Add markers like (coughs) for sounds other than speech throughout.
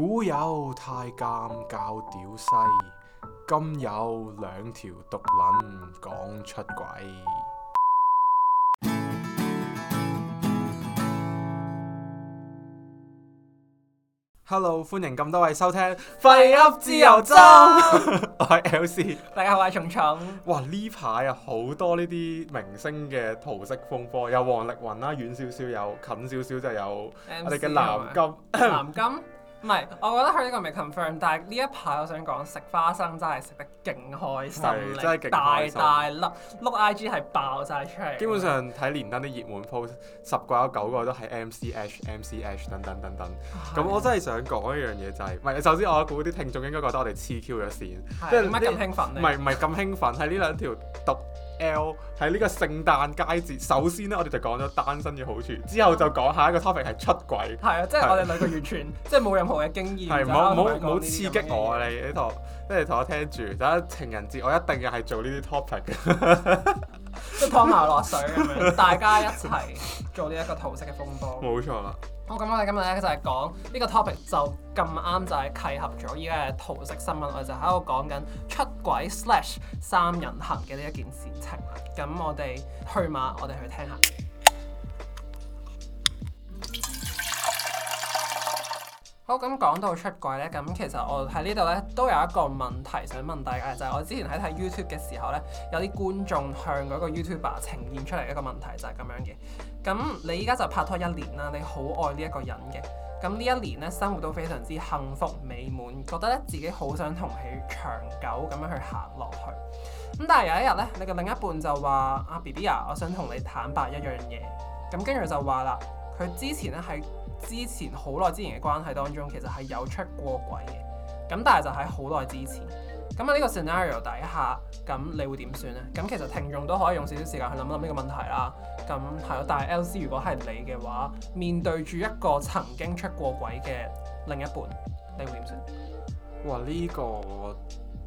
古有太監教屌西，今有兩條毒撚講出軌。Hello，歡迎咁多位收聽《廢 up Bye 自由針》 (laughs) 我 LC，我係 L C，大家好，我係蟲蟲。哇，呢排有好多呢啲明星嘅桃色風波，有王力宏啦，遠少少有，近少少就有我哋嘅藍金，藍 (laughs) 金。唔係，我覺得佢呢個未 confirm，但係呢一排我想講食花生真係食得勁開心，真係勁開心，大大粒，碌 IG 係爆曬出嚟。基本上睇連登啲熱門 post，十個有九個都係 MCH、MCH 等等等等。咁的我真係想講一樣嘢就係、是，唔係首先我估啲聽眾應該覺得我哋黐 Q 咗線，的即係唔係咁興奮？唔係唔係咁興奮，係呢兩條毒。喺呢個聖誕佳節，首先咧我哋就講咗單身嘅好處，之後就講下一個 topic 係出軌，係啊，即係我哋兩個完全 (laughs) 即係冇任何嘅經驗，係唔好唔好刺激我、啊、你呢套，即係同我聽住，就情人節我一定要係做呢啲 topic 嘅， (laughs) 即係拖埋落水咁樣， (laughs) 大家一齊做呢一個桃色嘅風波，冇錯啦。好，我感覺咧今日咧就係講呢個 topic 就咁啱就係契合咗依家嘅桃色新聞，我哋就喺度講緊出軌 slash 三人行嘅呢一件事情啦。咁我哋去馬，我哋去聽下。好咁講到出軌咧，咁其實我喺呢度咧都有一個問題想問大家，就係我之前喺睇 YouTube 嘅時候咧，有啲觀眾向嗰個 YouTuber 呈現出嚟一個問題就係咁樣嘅。咁你依家就拍拖一年啦，你好愛呢一個人嘅，咁呢一年咧生活都非常之幸福美滿，覺得咧自己好想同佢長久咁樣去行落去。咁但係有一日咧，你嘅另一半就話：阿 B B 啊，我想同你坦白一樣嘢。咁跟住就話啦，佢之前咧喺之前好耐之前嘅關係當中，其實係有出過軌嘅。咁但係就喺好耐之前，咁喺呢個 scenario 底下，咁你會點算咧？咁其實聽眾都可以用少少時間去諗一諗呢個問題啦。咁係咯，但係 L C 如果係你嘅話，面對住一個曾經出過軌嘅另一半，你會點算？哇！呢個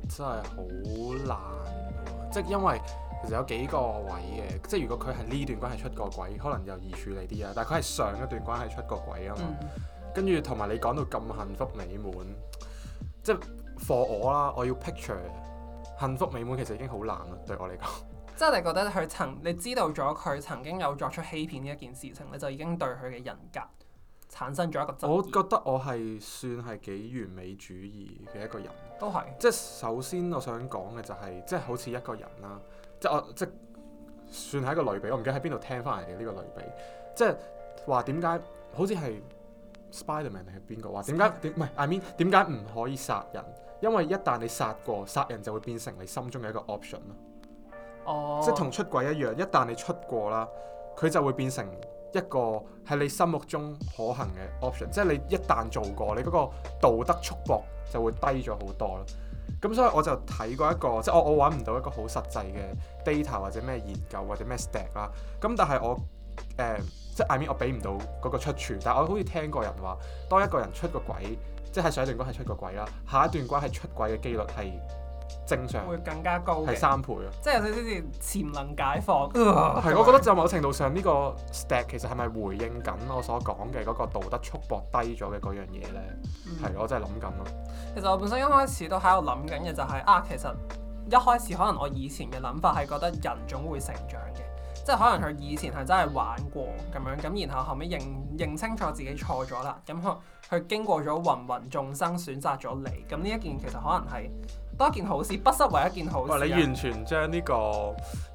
真係好難，即係因為。其實有幾個位嘅，即係如果佢係呢段關係出過軌，可能又易處理啲啊。但係佢係上一段關係出過軌啊嘛。嗯、跟住同埋你講到咁幸福美滿，即係 for 我啦，我要 picture 幸福美滿，其實已經好難咯。對我嚟講，即係你覺得佢曾你知道咗佢曾經有作出欺騙呢一件事情，你就已經對佢嘅人格產生咗一個質疑。我覺得我係算係幾完美主義嘅一個人都係是。即係首先我想講嘅就係、是，即係好似一個人啦。即我即算係一個類比，我唔記得喺邊度聽翻嚟嘅呢個類比，即話點解好似係 Spiderman 定係邊個？話點解點唔係 I mean？點解唔可以殺人？因為一旦你殺過，殺人就會變成你心中嘅一個 option 啦。哦，oh。即同出軌一樣，一旦你出過啦，佢就會變成一個喺你心目中可行嘅 option。即你一旦做過，你嗰個道德束縛就會低咗好多啦。咁所以我就睇過一個即係我我揾唔到一個好實際嘅 data 或者咩研究或者咩 step 啦。咁但係我誒即係 I mean 我俾唔到嗰個出處，但係我好似聽過人話，當一個人出個軌，即係上一段關係出個軌啦，下一段關係出軌嘅機率係。正常會更加高係三倍啊！即係有少少似潛能解放係。我覺得就某程度上呢個 step 其實係咪回應緊我所講嘅嗰個道德束縛低咗嘅嗰樣嘢咧？係、嗯、哼我真係諗緊咯。其實我本身一開始都喺度諗緊嘅就係、是、啊，其實一開始可能我以前嘅諗法係覺得人總會成長嘅，即、就、係、是、可能佢以前係真係玩過咁樣咁，然後後尾認認清楚自己錯咗啦。咁佢佢經過咗芸芸眾生選擇咗你咁呢一件其實可能係。多一件好事，不失為一件好事、啊。哇，你完全將呢、這個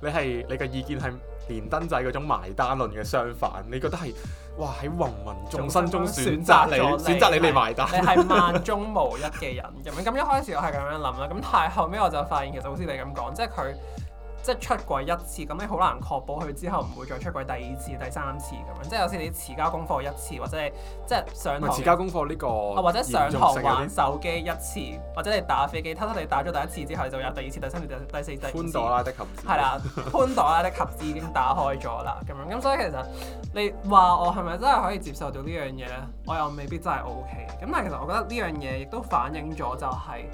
你係你嘅意見係連登仔嗰種埋單論嘅相反，你覺得係哇喺芸芸眾生中選擇你，選擇你嚟是埋單，你係萬中無一嘅人咁樣，咁 (laughs) 一開始我係咁樣諗啦，咁但係後尾我就發現其實好似你咁講，即係佢。即係出軌一次，咁你好難確保佢之後唔會再出軌第二次、第三次咁樣。即係有時你遲交功課一次，或者你即係上堂遲交功課呢個、啊，或者上堂玩、玩手機一次，或者你打飛機偷偷哋打咗第一次之後，就有第二次、第三次、第四次。潘朵拉的盒子係啦，潘多拉的盒子已經打開咗啦，咁樣咁所以其實你話我係咪真係可以接受到呢樣嘢咧？我又未必真係 OK。咁但係其實我覺得呢樣嘢亦都反映咗就係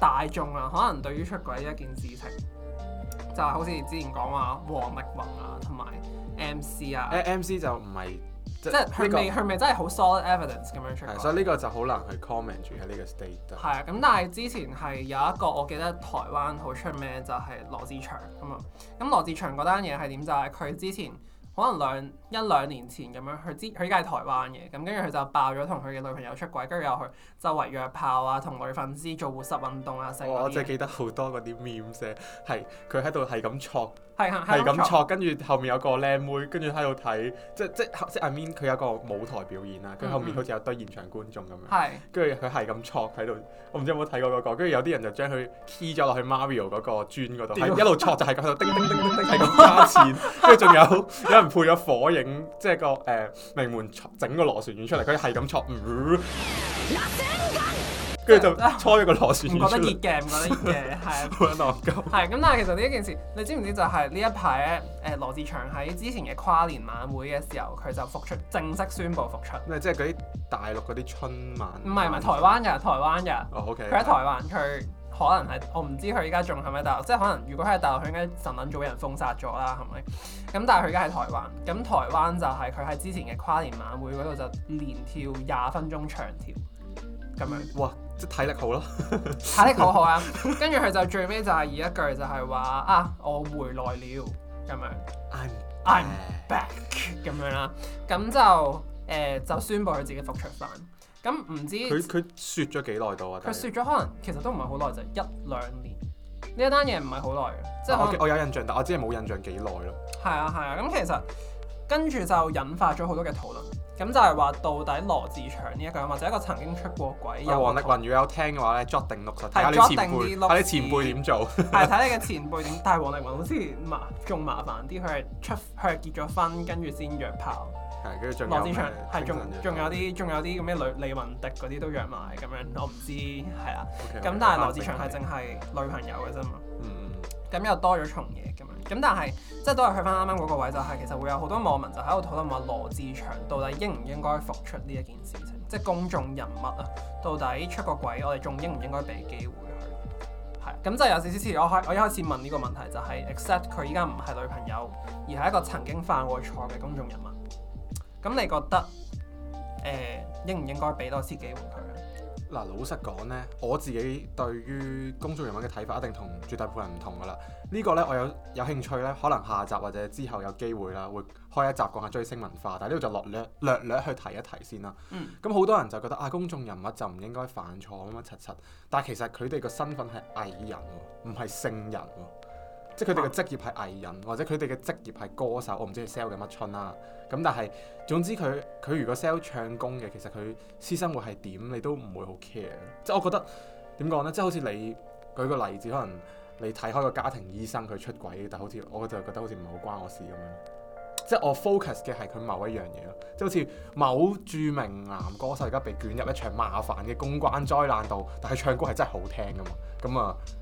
大眾啊，可能對於出軌呢一件事情。啊！好似之前講話王力宏啊，同埋 MC 啊。誒，MC 就唔係，即係佢未，佢未、這個、真係好 solid evidence 咁樣出嚟，所以呢個就好難去 comment 住喺呢個 state 度。係啊，咁、嗯、但係之前係有一個我記得台灣好出名就係、是、羅志祥咁啊，咁羅志祥嗰單嘢係點就係、是、佢之前。可能兩一兩年前咁樣，佢知佢依家係台灣嘅，咁跟住佢就爆咗同佢嘅女朋友出軌，跟住又去周圍約炮啊，同女粉絲做活塞運動啊，成。我真係記得好多嗰啲 memes，係佢喺度係咁 chok。係係係，係咁挫，跟 (noise) 住樂後面有個靚妹，跟住喺度睇，即即即阿 Min 佢有個舞台表演啦，佢後面好似有一堆現場觀眾咁樣，跟住佢係咁挫喺度，我唔知有冇睇過嗰、那個，跟住有啲人就將佢 key 咗落去 Mario 嗰個磚嗰度，嗯、一路挫就係、是、咁，叮叮叮叮叮，叮，係咁花錢，跟住仲有有人配咗火影，即、就、係、是、個誒、呃、名門整個螺旋丸出嚟，佢係咁挫。呃跟住 (music) 就搓一個螺旋。唔覺得熱嘅，唔覺得熱嘅，係冇乜浪金。係咁， (laughs) 但係其實呢一件事，你知唔知就係呢一排咧？誒、呃，羅志祥喺之前嘅跨年晚會嘅時候，佢就復出，正式宣布復出。即係嗰啲大陸嗰啲春晚，晚？唔係唔係，台灣嘅，台灣嘅。佢喺、oh, okay, 台灣，佢可能係我唔知佢而家仲係咪大陸，即、就、係、是、可能如果喺大陸，佢應該神韻早俾人封殺咗啦，係咪？咁但係佢而家喺台灣，咁台灣就係佢喺之前嘅跨年晚會嗰度就連跳廿分鐘長跳，咁樣哇！即體力好咯，體力好好啊，跟住佢就最尾就係以一句就係話啊，我回來了，咁樣，I'm I'm back 咁樣啦，咁就誒、呃、就宣佈佢自己復出翻，咁唔知佢佢説咗幾耐到啊？佢説咗可能其實都唔係好耐，就係、一兩年，呢一單嘢唔係好耐嘅，即係我、okay, 我有印象，但我真係冇印象幾耐咯。係啊係啊，咁、啊嗯、其實跟住就引發咗好多嘅討論。咁就係話，到底羅志祥呢一個，或者一個曾經出過軌，有王力宏。如果有聽嘅話咧，作定六十，係捉定啲，係睇你前輩點做？係睇你嘅前輩點。但係王力宏好似麻仲麻煩啲，佢係出佢係結咗婚跟住先約炮。係跟住羅志祥係仲仲有啲仲有啲咁嘅女李雲迪嗰啲都約埋咁樣，我唔知係啊。咁但係羅志祥係淨係女朋友嘅啫嘛。咁又多咗重嘢咁樣，咁但係即係都係去翻啱啱嗰個位，就係、是、其實會有好多網民就喺度討論話羅志祥到底應唔應該復出呢一件事情，即係公眾人物啊，到底出個軌，我哋仲應唔應該俾機會佢？係，咁就有少少似我開我一開始問呢個問題，就係、是、except 佢依家唔係女朋友，而係一個曾經犯過錯嘅公眾人物，咁你覺得誒、呃、應唔應該俾多次機會佢？嗱，老實講呢，我自己對於公眾人物嘅睇法一定同絕大部分唔同噶啦。呢個呢，我有有興趣呢，可能下集或者之後有機會啦，會開一集講下追星文化，但係呢度就略略略略去提一提先啦。嗯。咁好多人就覺得啊，公眾人物就唔應該犯錯咁樣柒柒，但其實佢哋個身份係藝人喎，唔係聖人喎。即係佢哋嘅職業係藝人，或者佢哋嘅職業係歌手，我唔知 sell 嘅乜春啦。咁但係總之佢佢如果 sell 唱功嘅，其實佢私生活係點你都唔會好 care。即係我覺得點講呢？即係好似你舉個例子，可能你睇開個家庭醫生佢出軌，但好似我就覺得好似唔係好關我事咁樣。即係我 focus 嘅係佢某一樣嘢咯。即係好似某著名男歌手而家被捲入一場麻煩嘅公關災難度，但係唱歌係真係好聽㗎嘛？咁啊～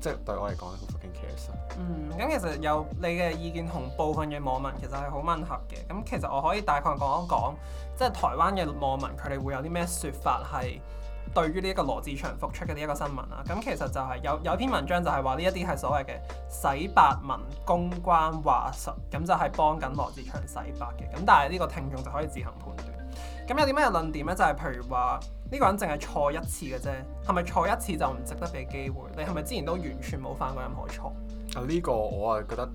即係對我嚟講，好撲街 case 啊。嗯，咁其實有你嘅意見同部分嘅網民其實係好吻合嘅。咁其實我可以大概講一講，即係台灣嘅網民佢哋會有啲咩説法，係對於呢一個羅志祥復出嘅呢一個新聞啊。咁其實就係有有篇文章就係話呢一啲係所謂嘅洗白文、公關話術，咁就係幫緊羅志祥洗白嘅。咁但係呢個聽眾就可以自行判斷。咁有啲咩論點咧？就係譬如話。呢個人淨係錯一次嘅啫，係咪錯一次就唔值得俾機會？你係咪之前都完全冇犯過任何錯？啊呢、呢個我啊覺得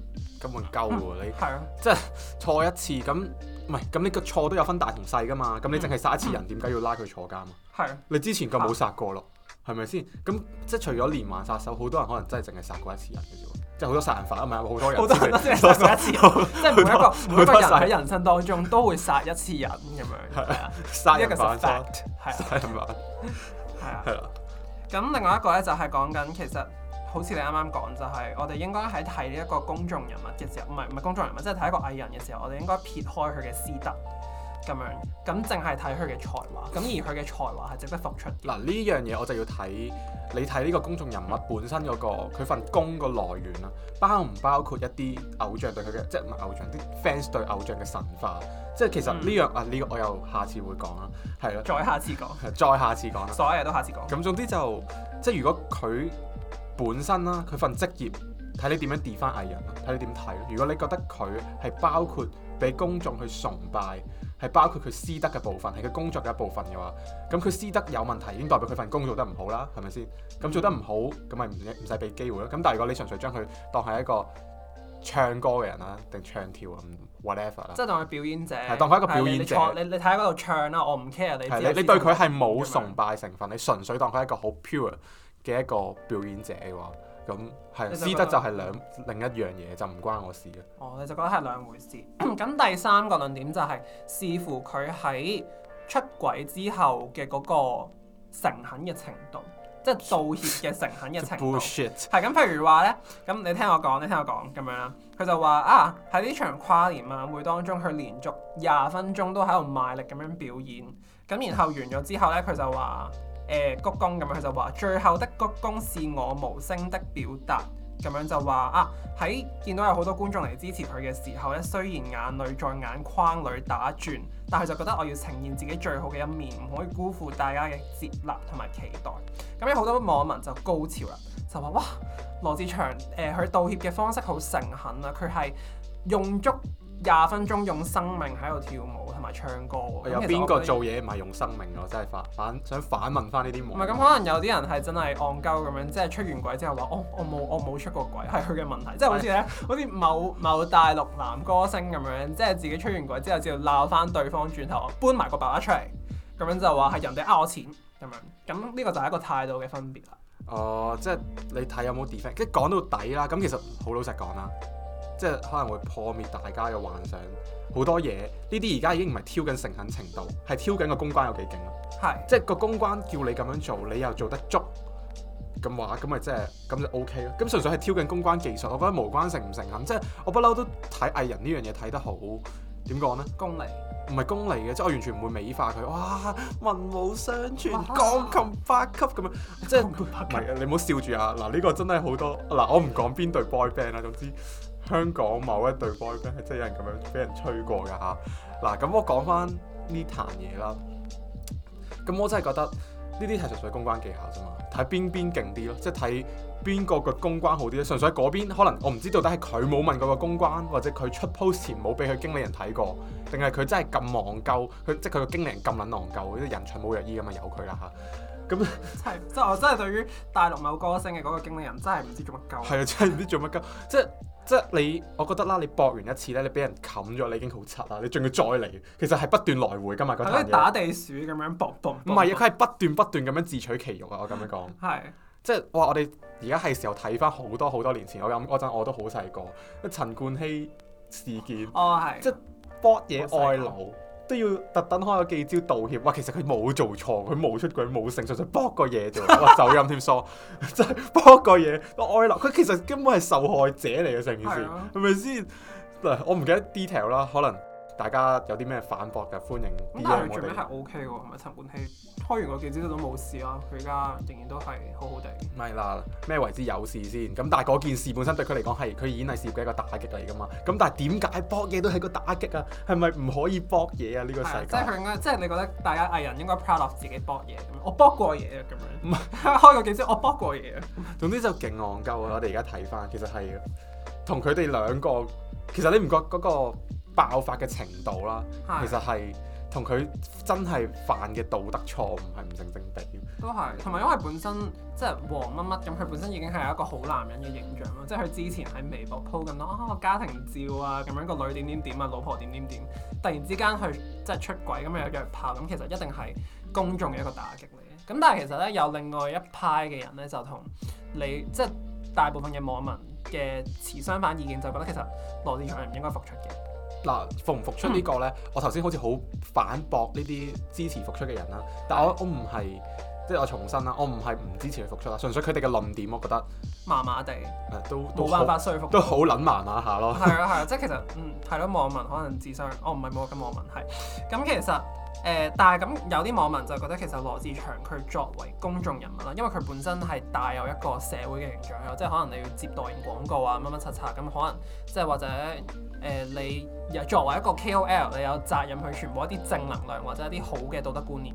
根本夠喎，嗯、你係啊，的即係錯一次咁，唔係咁你個錯都有分大同細噶嘛，咁你淨係殺一次人，點解、嗯、要拉佢坐監啊？係啊的，你之前咁冇殺過咯，係咪先？咁即係除咗連環殺手，好多人可能真係淨係殺過一次人嘅啫。即係好多殺人犯，吖嘛、啊，好多人，好多人即係殺一次， (laughs) 即係每一個每個 (laughs) 人喺人生當中都會殺一次人咁樣。係 (laughs) 啊，殺一個。係啊，殺人犯。係啊，係啊。咁另外一個咧就係講緊，其實好似你啱啱講，就係、係、我哋應該喺睇呢一個公眾人物嘅時候，唔係唔係公眾人物，即係睇一個藝人嘅時候，我哋應該撇開佢嘅私德。咁樣咁，淨係睇佢嘅才華。咁而佢嘅才華係值得復出。嗱，呢樣嘢我就要睇你睇呢個公眾人物本身嗰個佢份工個來源啦，包唔包括一啲偶像對佢嘅即係偶像啲 fans 對偶像嘅神化。即係其實呢樣，嗯，啊呢個我又下次會講啦，係咯，再下次講， (laughs) 再下次講啦，所有嘢都下次講。咁總之就即係如果佢本身啦，佢份職業睇你點樣 deal 翻藝人啦，睇你點睇。如果你覺得佢係包括俾公眾去崇拜。係包括佢私德嘅部分，係佢工作嘅一部分嘅話，咁佢私德有問題，已經代表佢份工做得唔好啦，係咪先？咁做得唔好，咁咪唔唔使俾機會咯。咁但係如果你純粹將佢當係一個唱歌嘅人啦，定唱跳啊，whatever 啦，即係當佢表演者，係當佢一個表演者。你你睇佢喺度唱啦，我唔 care 你。你你，你、啊、你，你，你對佢係冇崇拜成分，是是你純粹當佢係一個好 pure 嘅一個表演者嘅話，咁。係，對私德就係兩、嗯、另一樣嘢，就唔關我事嘅。哦，你就覺得係兩回事。咁 (coughs) 第三個論點就係、是、視乎佢喺出軌之後嘅嗰個誠懇嘅程度，即、就、係、是、道歉嘅誠懇嘅程度。係咁， (coughs) 譬如話咧，咁你聽我講，你聽我講咁樣啦。佢就話啊，喺呢場跨年晚會當中，佢連續廿分鐘都喺度賣力咁樣表演。咁然後完咗之後咧，佢就話。誒、呃、鞠躬咁樣，佢就話最後的鞠躬是我無聲的表達。咁樣就話啊，喺見到有好多觀眾嚟支持佢嘅時候咧，雖然眼淚在眼眶裏打轉，但係就覺得我要呈現自己最好嘅一面，唔可以辜負大家嘅接納同埋期待。咁有好多網民就高潮啦，就話哇，羅志祥誒佢、呃、道歉嘅方式好誠懇啊，佢係用足，廿分鐘用生命喺度跳舞同埋唱歌，嗯、有邊個做嘢唔係用生命㗎？我真係反反想反問翻呢啲無。唔係咁，可能有啲人係真係戇鳩咁樣，即係出完軌之後話我我冇我冇出過軌係佢嘅問題， (laughs) 即係好似咧好似某某大陸男歌星咁樣，即係自己出完軌之後就鬧翻對方轉，轉頭搬埋個爸爸出嚟，咁樣就話係人哋呃我錢咁樣，咁呢個就係一個態度嘅分別啦。哦、呃，即係你睇有冇 defect？即係講到底啦，咁其實好老實講啦。 (music) (music) 即係可能會破滅大家嘅幻想，好多嘢呢啲而家已經唔係挑緊誠懇程度，係挑緊個公關有幾勁咯。係是，即係個公關叫你咁樣做，你又做得足咁話，咁咪即係咁就 O K 咯。咁純粹係挑緊公關技術，我覺得無關誠唔誠懇。即係我不嬲都睇藝人呢樣嘢睇得好點講呢？功利唔係功利嘅，即係我完全唔會美化佢。哇，文武雙全，啊、鋼琴八級咁樣，即係唔係？你唔好笑住啊！嗱，呢、呢個真係好多嗱，我唔講邊對 boy band 啦、啊，總之。香港某一隊 boy band 係真係有人咁樣俾人吹過噶嚇，嗱、啊、咁我講翻呢壇嘢啦，咁、啊、我真係覺得呢啲係純粹公關技巧啫嘛，睇邊邊勁啲咯，即係睇邊個嘅公關好啲咯，純粹喺嗰邊可能我唔知到底係佢冇問嗰個公關，或者佢出 post 前冇俾佢經理人睇過，定係佢真係咁狼狽，佢即係佢個經理人咁撚狼狽，啲人才冇藥醫咁啊，由佢啦嚇，咁真係即係是 (laughs) 我真係對於大陸某歌星嘅嗰個經理人真係唔知做乜鳩。係啊 (laughs) 真係唔知做乜鳩，即係。即即即係你，我覺得啦，你博完一次呢，你俾人冚咗，你已經好柒啦，你仲要再嚟，其實係不斷來回噶嘛嗰啲嘢。係打地鼠咁樣博博。唔係啊，佢係不，不斷不斷咁樣自取其辱啊！我咁樣講。係。即係我話我哋而家係時候睇翻好多好多年前，我諗嗰陣我都好細個，陳冠希事件。哦，係。即係博野外流。都要特登開個記招道歉，哇！其實佢冇做錯，佢冇出軌，冇成實在駁個嘢啫， (laughs) 哇！走音添疏，真係駁個嘢，我挨落。佢其實根本係受害者嚟嘅成件事，係咪先？嗱，我唔記得 detail 啦，可能。大家有啲咩反駁嘅歡迎？咁但係佢最係 O K 嘅喎，係陳冠希開完個記者都冇事啦，佢而家仍然都係好好地。唔係啦，咩為之有事先？咁但係嗰件事本身對佢嚟講係佢演藝事業嘅一個打擊嚟噶嘛？咁但係點解博嘢都係個打擊啊？係咪唔可以博嘢啊？呢、這個世界、啊、即係佢即係你覺得大家藝人應該 proud of 自己博嘢咁。我博過嘢啊，咁樣。唔係是 (laughs) 開個記者，我博過嘢。總之就勁戇鳩啊！的我哋而家睇翻，其實係同佢哋兩個，其實你唔覺嗰、嗰個。爆發嘅程度啦，其實係同佢真係犯嘅道德錯誤係唔成正比嘅。都係，同埋因為本身即係黃乜乜咁，佢本身已經係一個好男人嘅形象咯。即係佢之前喺微博 po 緊咯，家庭照啊，咁樣個女點點點啊，老婆點點點，突然之間去即係出軌咁樣約炮，咁其實一定係公眾嘅一個打擊嚟嘅。咁但係其實咧，有另外一派嘅人咧，就同你即係大部分嘅網民嘅持相反意見，就覺得其實羅志祥唔應該復出嘅。嗱，復唔復出個呢個咧？我頭先好似好反駁呢啲支持復出嘅人啦，但係我我唔係，即係我重申啦，我唔係唔支持佢復出啦，純粹佢哋嘅論點，我覺得麻麻地，誒、呃、都冇辦法說服，都好撚麻麻下咯。係啊係啊，即係其實嗯係咯，網民可能智商，我唔係冇咁網民係。咁其實誒、呃，但係咁有啲網民就覺得其實羅志祥佢作為公眾人物啦，因為佢本身係帶有一個社會嘅形象啊，嗯、即係可能你要接代言廣告啊，乜乜七七咁可能，即係或者誒你。呃作為一個 KOL，你有責任去傳播一啲正能量或者一啲好嘅道德觀念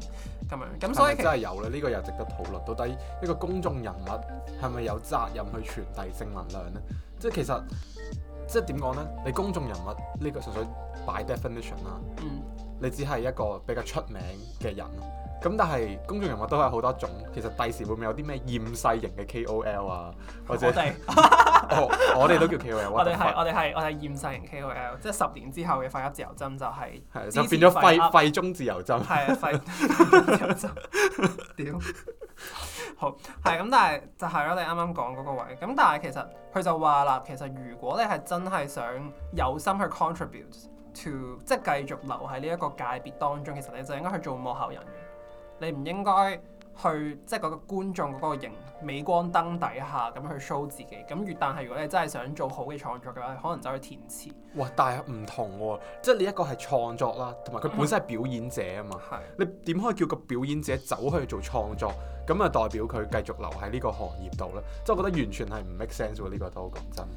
咁樣，咁所以係咪真係有啦，呢個又值得討論。到底一個公眾人物係咪有責任去傳遞正能量呢？即係其實即係點講呢？你公眾人物呢個純粹 by definition 啦、嗯，你只係一個比較出名嘅人。咁但係公眾人物都有好多種，其實第時會唔會有啲咩厭世型嘅 K O L 啊？或者我哋都叫 K O L。我哋係我哋係我哋係厭世型 K O L，即係十年之後嘅廢級自由針就係就變咗廢廢中自由針。係啊廢自由針，屌好係咁，但係就係咯，你啱啱講個位咁，但係其實佢就話啦，其實如果你係真係想有心去 contribute to，即係繼續留喺呢一個界別當中，其實你就應該去做幕後人。你唔應該去即係嗰個觀眾嗰個型鎂光燈底下咁去 show 自己，咁但係如果你真係想做好嘅創作嘅話，可能走去填詞。哇！但係唔同喎、哦，即係你一個係創作啦，同埋佢本身係表演者啊嘛。係、嗯。你點可以叫個表演者走去做創作？咁啊代表佢繼續留喺呢個行業度咧？即係我覺得完全係唔 make sense 喎，呢、這個都講真。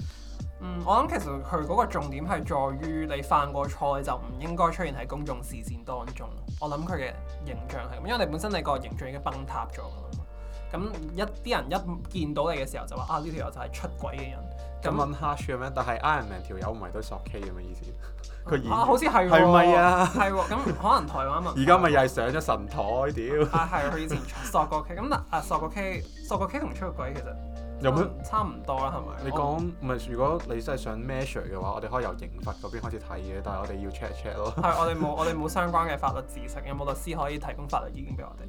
嗯，我諗其實佢嗰個重點係在於你犯過錯，你就唔應該出現喺公眾視線當中。我諗佢嘅形象係咁，因為你本身你個形象已經崩塌咗㗎喇嘛。咁一啲人一見到你嘅時候就話：啊，呢條友就係出軌嘅人。咁問黑樹咩？但係 Iron Man 條友唔係都索 K 嘅咩意思？佢而家好似係喎。係咪、嗯、啊？係喎、哦。咁、啊哦、可能台灣咪而家咪又係上咗神台屌。啊，係佢、啊、以前索過 K。咁嗱啊，索過 K，索過 K 同出軌其實。有咩、嗯、差唔多啦，係咪？你講，唔係，如果你真係想 measure 嘅話，我哋可以由刑法嗰邊開始睇嘅，但係我哋要 check check 咯。係，我哋冇我哋冇相關嘅法律知識，有冇律師可以提供法律意見俾我哋？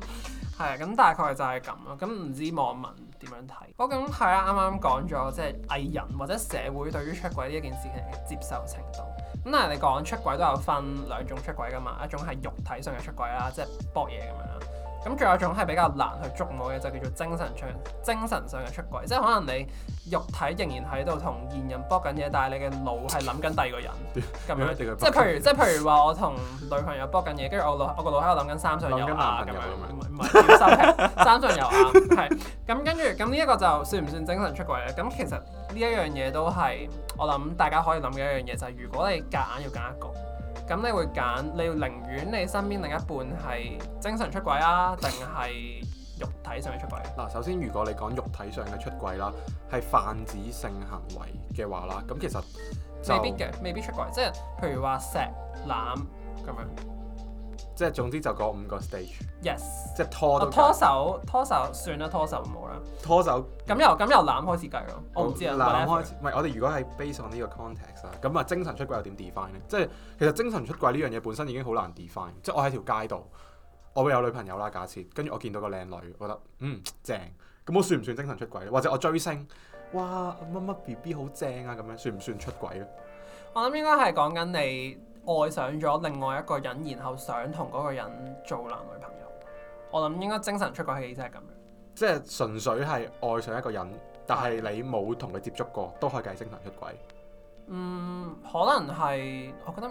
係，咁大概就係咁咯。咁唔知網民點樣睇？我咁係啊，啱啱講咗即係藝人或者社會對於出軌呢一件事情嘅接受程度。咁但係你講出軌都有分兩種出軌噶嘛，一種係肉體上嘅出軌啦，即係搏嘢咁樣啦。咁仲有一種係比較難去捉摸嘅，就叫做精神上精神上嘅出軌，即係可能你肉體仍然喺度同現任搏緊嘢，但係你嘅腦係諗緊第二個人，咁 (laughs) 樣 (laughs) 即係譬如即係 (laughs) 譬如話我同女朋友搏緊嘢，跟住我我個腦喺度諗緊三上悠亞啊咁樣，唔係三上悠亞啊，係咁跟住咁呢一個就算唔算精神出軌咧？咁其實呢一樣嘢都係我諗大家可以諗嘅一樣嘢就係、是，如果你夾硬要揀一個。咁你會揀？你要寧願你身邊另一半係精神出軌啊，定係肉體上嘅出軌？嗱，首先如果你講肉體上嘅出軌啦，係泛指性行為嘅話啦，咁其實未必嘅，未必出軌，即係譬如話錫攬咁樣。即係總之就嗰五個 stage Yes。Yes。即係拖拖手，拖手算啦，拖手冇啦。拖手咁手由咁由攬開始計咯。我唔知啊。攬開始唔係，我哋如果係 base on 呢個 context 啊，咁啊精神出軌又點 define 咧？即係其實精神出軌呢樣嘢本身已經好難 define。即係我喺條街度，我會有女朋友啦，假設跟住我見到個靚女，我覺得嗯、正，咁我算唔算精神出軌咧？或者我追星，哇乜乜 B B 好正啊咁樣，算唔算出軌咧？我諗應該係講緊你。愛上咗另外一個人，然後想同嗰個人做男女朋友，我諗應該精神出軌嘅意思係咁樣。即係純粹係愛上一個人，但係你冇同佢接觸過，都可以計精神出軌。嗯，可能係，我覺得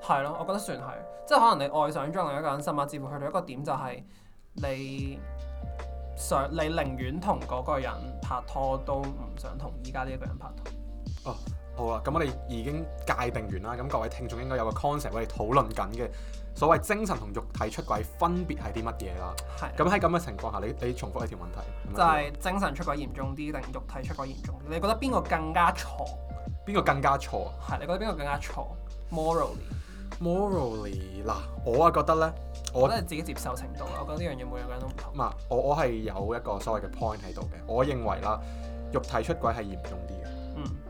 係咯，我覺得算係。即係可能你愛上咗另外一個人，甚至乎去到一個點就係、是、你想你寧願同嗰個人拍拖，都唔想同依家呢一個人拍拖。哦。Oh. 好啦，咁我哋已經界定完啦，咁各位聽眾應該有個 concept 我哋討論緊嘅所謂精神同肉體出軌分別係啲乜嘢啦。係。咁喺咁嘅情況下，你你重複一條問題。係唔係？就係精神出軌嚴重啲定肉體出軌嚴重？你覺得邊個更加錯？邊個更加錯？係，你覺得邊個更加錯？Morally。Morally，嗱，我啊覺得咧，我覺得呢，我我覺得係自己接受程度，我覺得呢樣嘢每樣人都唔同。唔係，我我係有一個所謂嘅 point 喺度嘅，我認為啦，肉體出軌係嚴重啲。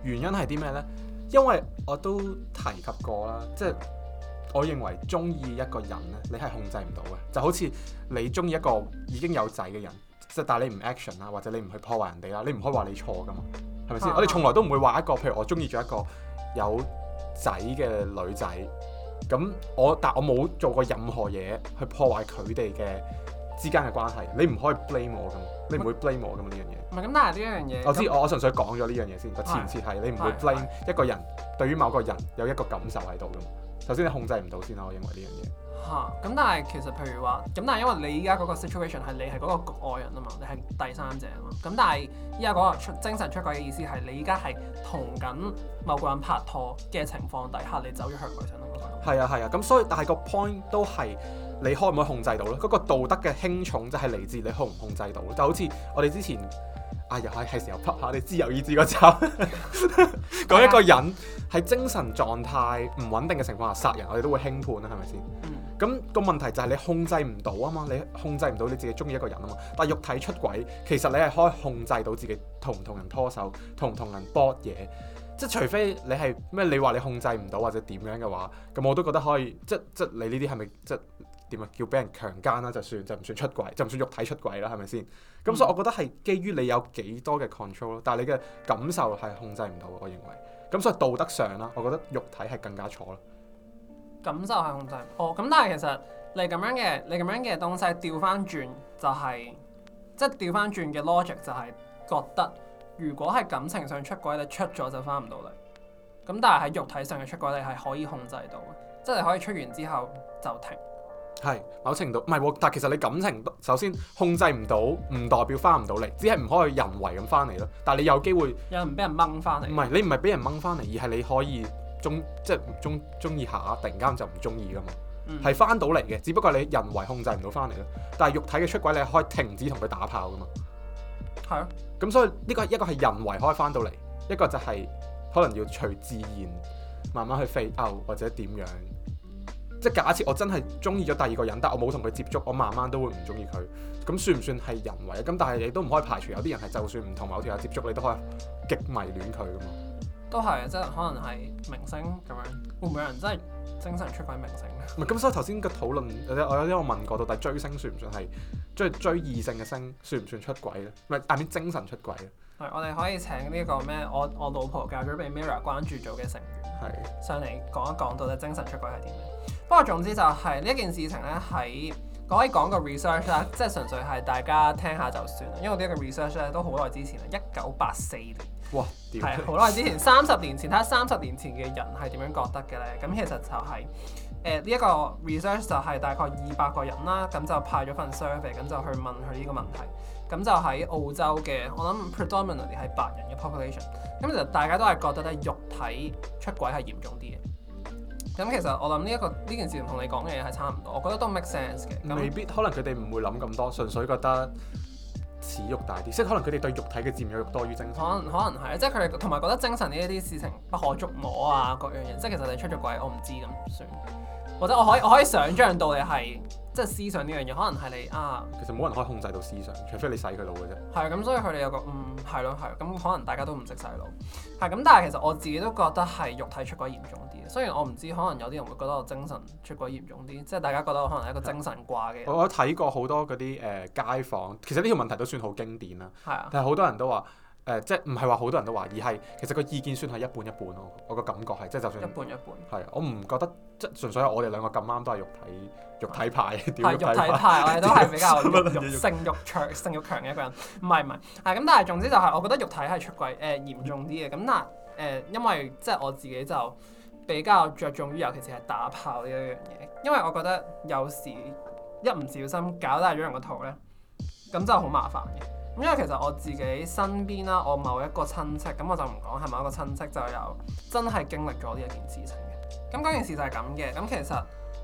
原因係啲咩呢？因為我都提及過啦，即係我認為中意一個人咧，你係控制唔到嘅，就好似你中意一個已經有仔嘅人，即係但係你唔 action 啦，或者你唔去破壞人哋啦，你唔可以話你錯噶嘛，係咪先？啊、我哋從來都唔會話一個，譬如我中意咗一個有仔嘅女仔，咁我但我冇做過任何嘢去破壞佢哋嘅之間嘅關係，你唔可以 blame 我噶。你唔會 blame 我噶嘛呢樣嘢？唔係咁，但係呢樣嘢，我知我那我純粹講咗呢樣嘢先。但是前設係你唔會 blame 一個人對於某個人有一個感受喺度噶嘛。首先你控制唔到先啦，我認為呢樣嘢。嚇、啊！咁但係其實譬如話，咁但係因為你依家嗰個 situation 係你係嗰個局外人啊嘛，你係第三者啊嘛。咁但係依家嗰個出精神出軌嘅意思係你依家係同緊某個人拍拖嘅情況底下，你走咗向佢上度。係啊係啊，咁、啊、所以但係個 point 都係。你可唔可以控制到呢？嗰個道德嘅輕重就係嚟自你控唔控制到。就好似我哋之前啊，又係係時候 pop 下你自由意志嗰集，講 (laughs) 一個人喺精神狀態唔穩定嘅情況下殺人，我哋都會輕判啦，係咪先？咁、嗯、個問題就係你控制唔到啊嘛，你控制唔到你自己中意一個人啊嘛。但係肉體出軌，其實你係可以控制到自己同唔同人拖手，同唔同人搏嘢。即係除非你係咩，你話你控制唔到或者點樣嘅話，咁我都覺得可以。即即你呢啲係咪即？叫俾人強奸啦，就算就唔算出軌，就唔算肉體出軌啦，係咪先？咁所以，我覺得係基於你有幾多嘅 control 咯，但係你嘅感受係控制唔到。我認為，咁所以道德上啦，我覺得肉體係更加錯咯。感受係控制哦，咁但係其實你咁樣嘅，你咁樣嘅東西調翻轉就係，即係調翻轉嘅 logic 就係覺得，如果係感情上出軌，你出咗就翻唔到嚟。咁但係喺肉體上嘅出軌，你係可以控制到，即係你可以出完之後就停。係某程度，唔係，但係其實你感情首先控制唔到，唔代表翻唔到嚟，只係唔可以人為咁翻嚟咯。但係你有機會又唔俾人掹翻嚟？唔係，你唔係俾人掹翻嚟，而係你可以中，即係中中意下，突然間就唔中意噶嘛。係翻、嗯、到嚟嘅，只不過你人為控制唔到翻嚟咯。但係肉體嘅出軌，你係可以停止同佢打炮噶嘛。係是啊。咁所以呢個一個係人為可以翻到嚟，一個就係可能要隨自然慢慢去 fade out 或者點樣。即係假設我真係中意咗第二個人，但我冇同佢接觸，我慢慢都會唔中意佢咁，算唔算係人為啊？咁但係你都唔可以排除有啲人係，就算唔同某條友接觸，你都可以極迷戀佢噶嘛？都係即係可能係明星咁樣，會唔會有人真係精神出軌明星？唔係咁，所以頭先個討論，我有啲我問過，到底追星算唔算係追追異性嘅星？算唔算出軌咧？咪係下精神出軌啊？係我哋可以請呢個咩？我我老婆嫁咗俾 Mirror 關注組嘅成員係上嚟講一講到底精神出軌係點？不過總之就係呢一件事情咧，喺可以講個 research 啦，即係純粹係大家聽下就算啦。因為呢一個 research 咧都好耐之前啦，一九八四年，哇，係好耐之前，三十年前，睇下三十年前嘅人係點樣覺得嘅咧。咁其實就係誒呢一個 research 就係大概二百個人啦，咁就派咗份 survey，咁就去問佢呢個問題。咁就喺澳洲嘅，我諗 predominantly 係白人嘅 population，咁其實大家都係覺得咧，肉體出軌係嚴重啲嘅。咁其實我諗呢一個呢件事同你講嘅嘢係差唔多，我覺得都 make sense 嘅。未必那可能佢哋唔會諗咁多，純粹覺得恥辱大啲，即係可能佢哋對肉體嘅佔有欲多於精神。可能可能係，即係佢哋同埋覺得精神呢一啲事情不可捉摸啊，各樣嘢。即係其實你出咗軌，我唔知咁算。或者我可以我可以想象到你係。即係思想呢樣嘢，可能係你啊。其實冇人可以控制到思想，除非你洗佢腦嘅啫。係啊，咁所以佢哋有個誤係咯，係、嗯、咁可能大家都唔識洗腦。係咁，但係其實我自己都覺得係肉體出軌嚴重啲。雖然我唔知，可能有啲人會覺得我精神出軌嚴重啲，即係大家覺得我可能係一個精神掛嘅人。我有睇過好多嗰啲誒街訪，其實呢條問題都算好經典啦。係啊的，但係好多人都話。誒、呃，即係唔係話好多人都懷疑係，其實個意見算係一半一半咯。我個感覺係，即係就算一半一半，係我唔覺，覺得，即係純粹我哋兩個咁啱都係肉體 (laughs) 肉體派， (laughs) 肉體派，體派我哋都係比較性慾強性慾強嘅一個人。唔係唔係，係咁，但係總之就係我覺得肉體係出軌誒、呃、嚴重啲嘅。咁嗱誒，因為即係我自己就比較着重於尤其是係打炮呢一樣嘢，因為我覺得有時一唔小心搞大咗人個肚咧，咁真係好麻煩嘅。因為其實我自己身邊啦，我某一個親戚，咁我就唔講係某一個親戚，就有真係經歷咗呢一件事情嘅。咁嗰件事就係咁嘅。咁其實誒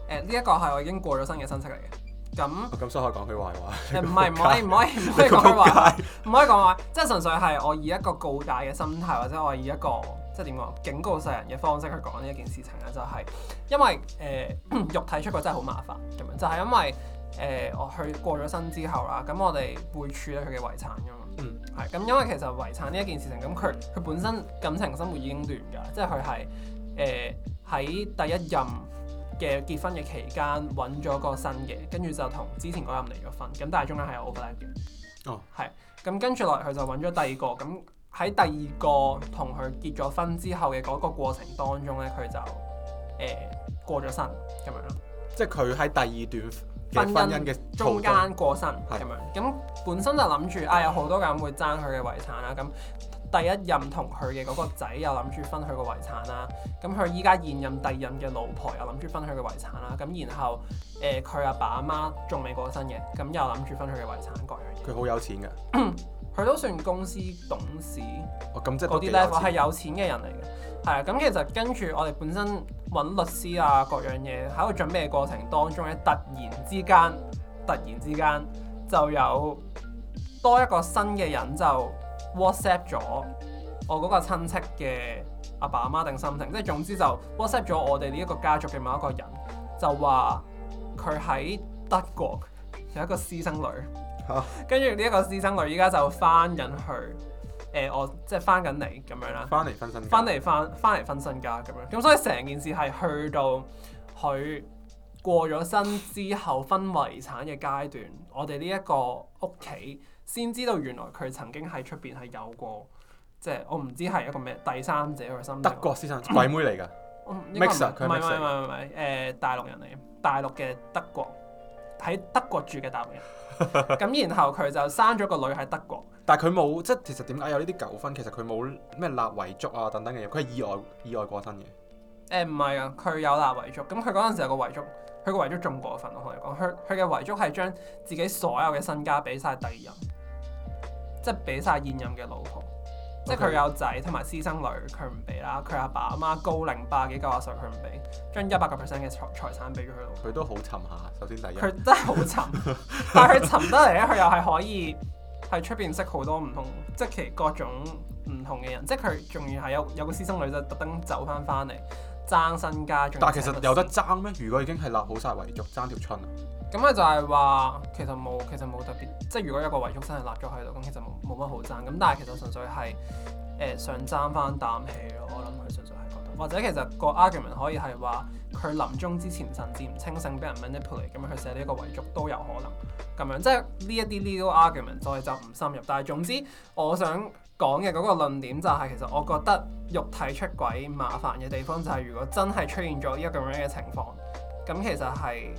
呢一個係我已經過咗身嘅親戚嚟嘅。咁咁都可以講句壞話。唔係唔可以唔可以唔可以講句壞，唔可以講壞，即係、就是、純粹係我以一個告戒嘅心態，或者我以一個即係點講，警告世人嘅方式去講呢一件事情啦，就係、是、因為誒、呃、肉體出軌真係好麻煩咁樣，就係、是、因為。誒，我去、呃、過咗身之後啦，咁我哋會處理佢嘅遺產㗎嘛？嗯，係。咁因為其實遺產呢一件事情，咁佢佢本身感情生活已經亂㗎，即係佢係誒喺第一任嘅結婚嘅期間揾咗個新嘅，跟住就同之前嗰任離咗婚。咁但係中間係有 overlap 嘅。哦，係。咁跟住落嚟佢就揾咗第二個。咁喺第二個同佢結咗婚之後嘅嗰個過程當中咧，佢就誒、呃、過咗身咁樣咯。即係佢喺第二段婚姻嘅中，中間過身咁的樣，咁本身就諗住啊，有好多人會爭佢嘅遺產啦。咁第一任同佢嘅嗰個仔又諗住分佢個遺產啦。咁佢依家現任第二任嘅老婆又諗住分佢嘅遺產啦。咁然後誒佢阿爸阿媽仲未過身嘅，咁又諗住分佢嘅遺產各樣嘢。佢好有錢㗎，佢 (coughs) 都算公司董事，嗰啲 level 係有錢嘅 (coughs) 人嚟嘅。係啊，咁、嗯、其實跟住我哋本身揾律師啊，各樣嘢喺個準備嘅過程當中咧，突然之間，突然之間就有多一個新嘅人就 WhatsApp 咗我嗰個親戚嘅阿爸阿媽，媽定心情，即係總之就 WhatsApp 咗我哋呢一個家族嘅某一個人，就話佢喺德國有一個私生女，Huh? 跟住呢一個私生女依家就翻緊去。誒、呃，我即係翻緊嚟咁樣啦，翻嚟分身，翻嚟翻翻嚟分身家咁樣，咁所以成件事係去到佢過咗身之後分遺產嘅階段，我哋呢一個屋企先知道原來佢曾經喺出邊係有過，即係我唔知係一個咩第三者嘅身份。德國先生，鬼妹嚟㗎，唔係唔係唔係唔係，誒、這個 er, er like. uh, 大陸人嚟，大陸嘅德國喺德國住嘅大陸人，咁然後佢就生咗個女喺德國。但係佢冇，即係其實點解有呢啲糾紛？其實佢冇咩立遺囑啊等等嘅嘢，佢係意外意外過身嘅。誒唔係啊，佢有立遺囑。咁佢嗰陣時有個遺囑，佢個遺囑仲過分。我同你講，佢佢嘅遺囑係將自己所有嘅身家俾晒第二任，即係俾晒現任嘅老婆。Okay. 即係佢有仔同埋私生女，佢唔俾啦。佢阿爸阿媽高齡八幾九啊歲，佢唔俾，將一百個 percent 嘅財財產俾咗佢老婆。佢都好沉下，首先第一，佢真係好沉， (laughs) 但係佢沉得嚟咧，佢又係可以。係出邊識好多唔同，即係其各種唔同嘅人，即係佢仲要係有有個私生女就特登走翻翻嚟爭身家。但係其實有得爭咩？如果已經係立好晒遺囑，爭條春啊！咁咧就係話其實冇，其實冇特別，即係如果有一個遺囑真係立咗喺度，咁其實冇冇乜好爭。咁但係其實純粹係誒、呃、想爭翻啖氣咯，我諗佢純粹。或者其實個 argument 可以係話佢臨終之前甚至唔清醒，俾人 manipulate 咁樣去寫呢一個遺囑都有可能咁樣，即係呢一啲 little argument 再就唔深入。但係總之我想講嘅嗰個論點就係、是、其實我覺得肉體出軌麻煩嘅地方就係如果真係出現咗依個咁樣嘅情況，咁其實係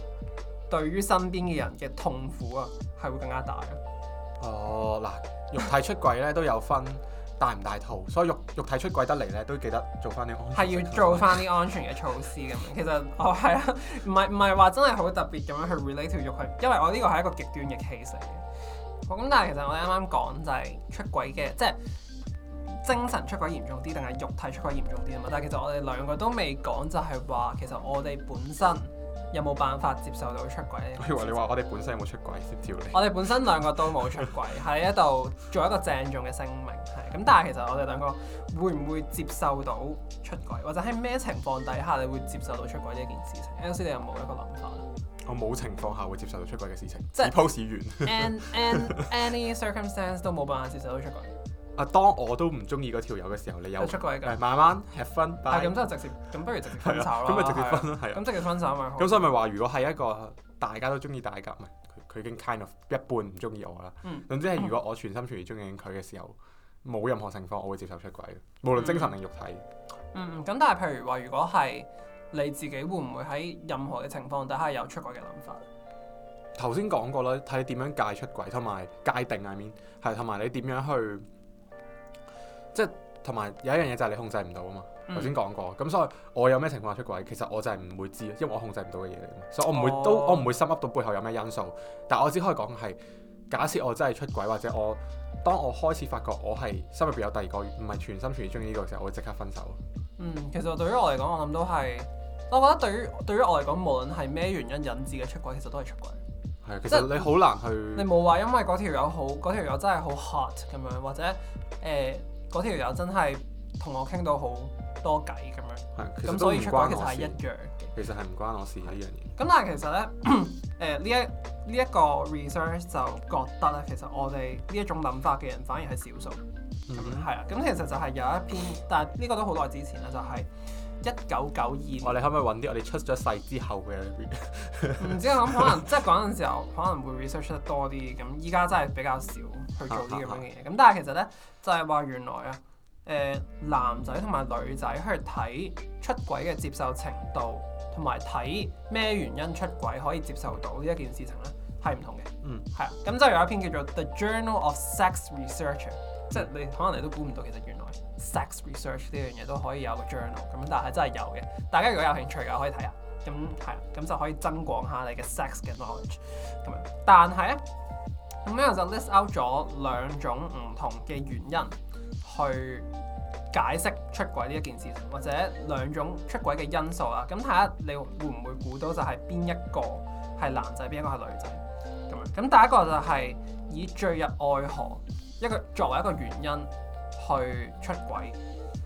對於身邊嘅人嘅痛苦啊係會更加大。哦、呃，嗱，肉體出軌咧 (laughs) 都有分。大唔大肚，所以肉肉體出軌得嚟咧，都記得做翻啲安全。係要做翻啲安全嘅措施咁。 (laughs) 其實哦，係啊，唔係唔係話真係好特別咁樣去 relate to 肉軌，因為我呢個係一個極端嘅 case 嚟嘅。咁但係其實我哋啱啱講就係出軌嘅，即係精神出軌嚴重啲，定係肉體出軌嚴重啲啊嘛？但係其實我哋兩個都未講就係話，其實我哋本身。有冇辦法接受到出軌咧？我以為你話我哋本身有冇出軌先跳嚟？我哋本身兩個都冇出軌，喺一度做一個鄭重嘅聲明係。咁但係其實我哋兩個會唔會接受到出軌？或者喺咩情況底下你會接受到出軌呢一件事情？Andy 你有冇一個諗法？我冇情況下會接受到出軌嘅事情，即係 post 完，any circumstance 都冇辦法接受到出軌。當我都唔中意嗰條友嘅時候，你有出軌慢慢吃分。但係咁，真係直接咁，不如直，、啊、直接分手咯。咁咪直接分咯，係啊。咁、啊啊、直接分手咪好。咁所以咪話，如果係一個大家都中意大家，唔係佢佢已經 kind of 一半唔中意我啦。嗯。總之係，如果我全心全意中意佢嘅時候，冇、嗯、任何情況，我會接受出軌嘅，無論精神定肉體。咁、嗯嗯嗯、但係譬如話，如果係你自己，會唔會喺任何嘅情況底下有出軌嘅諗法？頭先講過啦，睇你點樣界定出軌同埋界定入面，係同埋你點樣去。即係同埋有一樣嘢就係你控制唔到啊嘛，頭先講過咁，所以我有咩情況下出軌，其實我就係唔會知，因為我控制唔到嘅嘢嚟，所以我唔會、哦、都我唔會深噏到背後有咩因素，但我只可以講係，假設我真係出軌或者我當我開始發覺我係心入邊有第二個唔係全心全意中意呢個時候，我會即刻分手。嗯，其實對於我嚟講，我諗都係，我覺得對於對於我嚟講，無論係咩原因引致嘅出軌，其實都係出軌。係，其實、就係、你好難去。你冇話因為嗰條友好，嗰條友真係好 hot 咁樣，或者誒？呃嗰條友真係同我傾到好多偈咁樣，咁所以出軌其實係一樣嘅。其實係唔關我事喺呢樣嘢。咁但係其實咧，誒呢、 (coughs) 呃、一呢一、這個 research 就覺得咧，其實我哋呢一種諗法嘅人反而係少數。嗯，嗯，啊、嗯。咁其實就係有一篇， (coughs) 但係呢個都好耐之前啦，就係一九九二。我哋可唔可以揾啲我哋出咗世之後嘅？唔 (laughs) 知我諗、嗯、可能即係嗰陣時候可能會 research 得多啲，咁依家真係比較少。去做啲咁樣嘅嘢，咁但係其實咧，就係話原來啊，誒男仔同埋女仔去睇出軌嘅接受程度，同埋睇咩原因出軌可以接受到呢一件事情咧，係唔同嘅。嗯，係啊，咁就有一篇叫做《The Journal of Sex Research》，即係你可能你都估唔到，其實原來 Sex Research 呢樣嘢都可以有個 journal 咁，但係真係有嘅。大家如果有興趣嘅可以睇下，咁係啊，咁就可以增廣下你嘅 sex 嘅 knowledge 咁樣。但係咧。咁呢度就 list out 咗兩種唔同嘅原因去解釋出軌呢一件事情，或者兩種出軌嘅因素啦。咁睇下你會唔會估到就係邊一個係男仔，邊一個係女仔咁啊？咁樣，咁第一個就係以墜入愛河一個作為一個原因去出軌。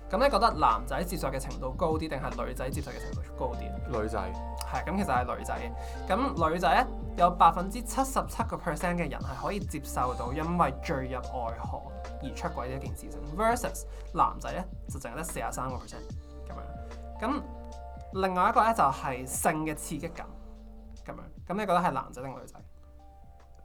咁你覺得男仔接受嘅程度高啲，定係女仔接受嘅程度高啲？女仔。係，咁，其實係女仔。咁女仔咧？有百分之七十七個 percent 嘅人係可以接受到因為墜入愛河而出軌呢一件事情，versus 男仔咧就淨係得四十三個 percent 咁樣。咁另外一個咧就係性嘅刺激感咁樣，咁你覺得係男仔定女仔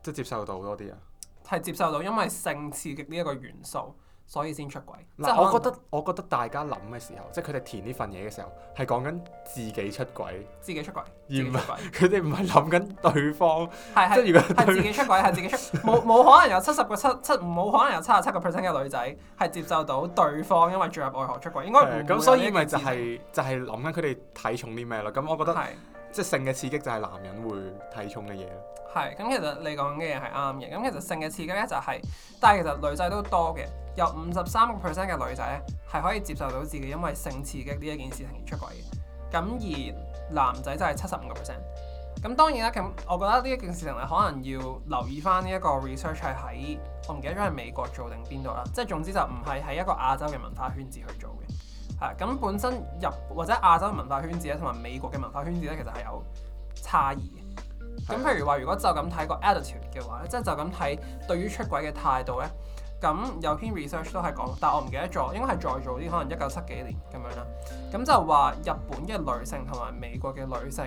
即係接受到多啲啊？係接受到，因為性刺激呢一個元素。所以先出軌。嗱，可我覺得我覺得大家諗嘅時候，即係佢哋填呢份嘢嘅時候，係講緊自己出軌，自己出軌，而唔係佢哋唔係諗緊對方。係 (laughs) 是即係如果係自己出軌，係自己出，冇冇 (laughs) 可能有七十個七七，冇可能有七十七個 percent 嘅女仔係接受到對方因為墜入愛河出軌，應該唔咁，嗯嗯、所以咪就係、是、就係諗緊佢哋睇重啲咩咯。咁我覺得。即性嘅刺激就係男人會睇重嘅嘢咯。係，咁其實你講嘅嘢係啱嘅。咁其實性嘅刺激咧就係、是，但係其實女仔都多嘅。有五十三個 percent 嘅女仔咧係可以接受到自己因為性刺激呢一件事情而出軌嘅。咁而男仔就係七十五個 percent。咁當然啦，咁我覺得呢一件事情咧可能要留意翻呢一個 research 係喺我唔記得咗係美國做定邊度啦。即係總之就唔係喺一個亞洲嘅文化圈子去做嘅。咁，本身日本或者亞洲文化圈子咧，同埋美國嘅文化圈子咧，其實係有差異嘅。咁譬如話，如果就咁睇個 attitude 嘅話咧，即係就咁、是、睇對於出軌嘅態度咧，咁有篇 research 都係講，但我唔記得咗，應該係再早啲，可能一九七幾年咁樣啦。咁就話日本嘅女性同埋美國嘅女性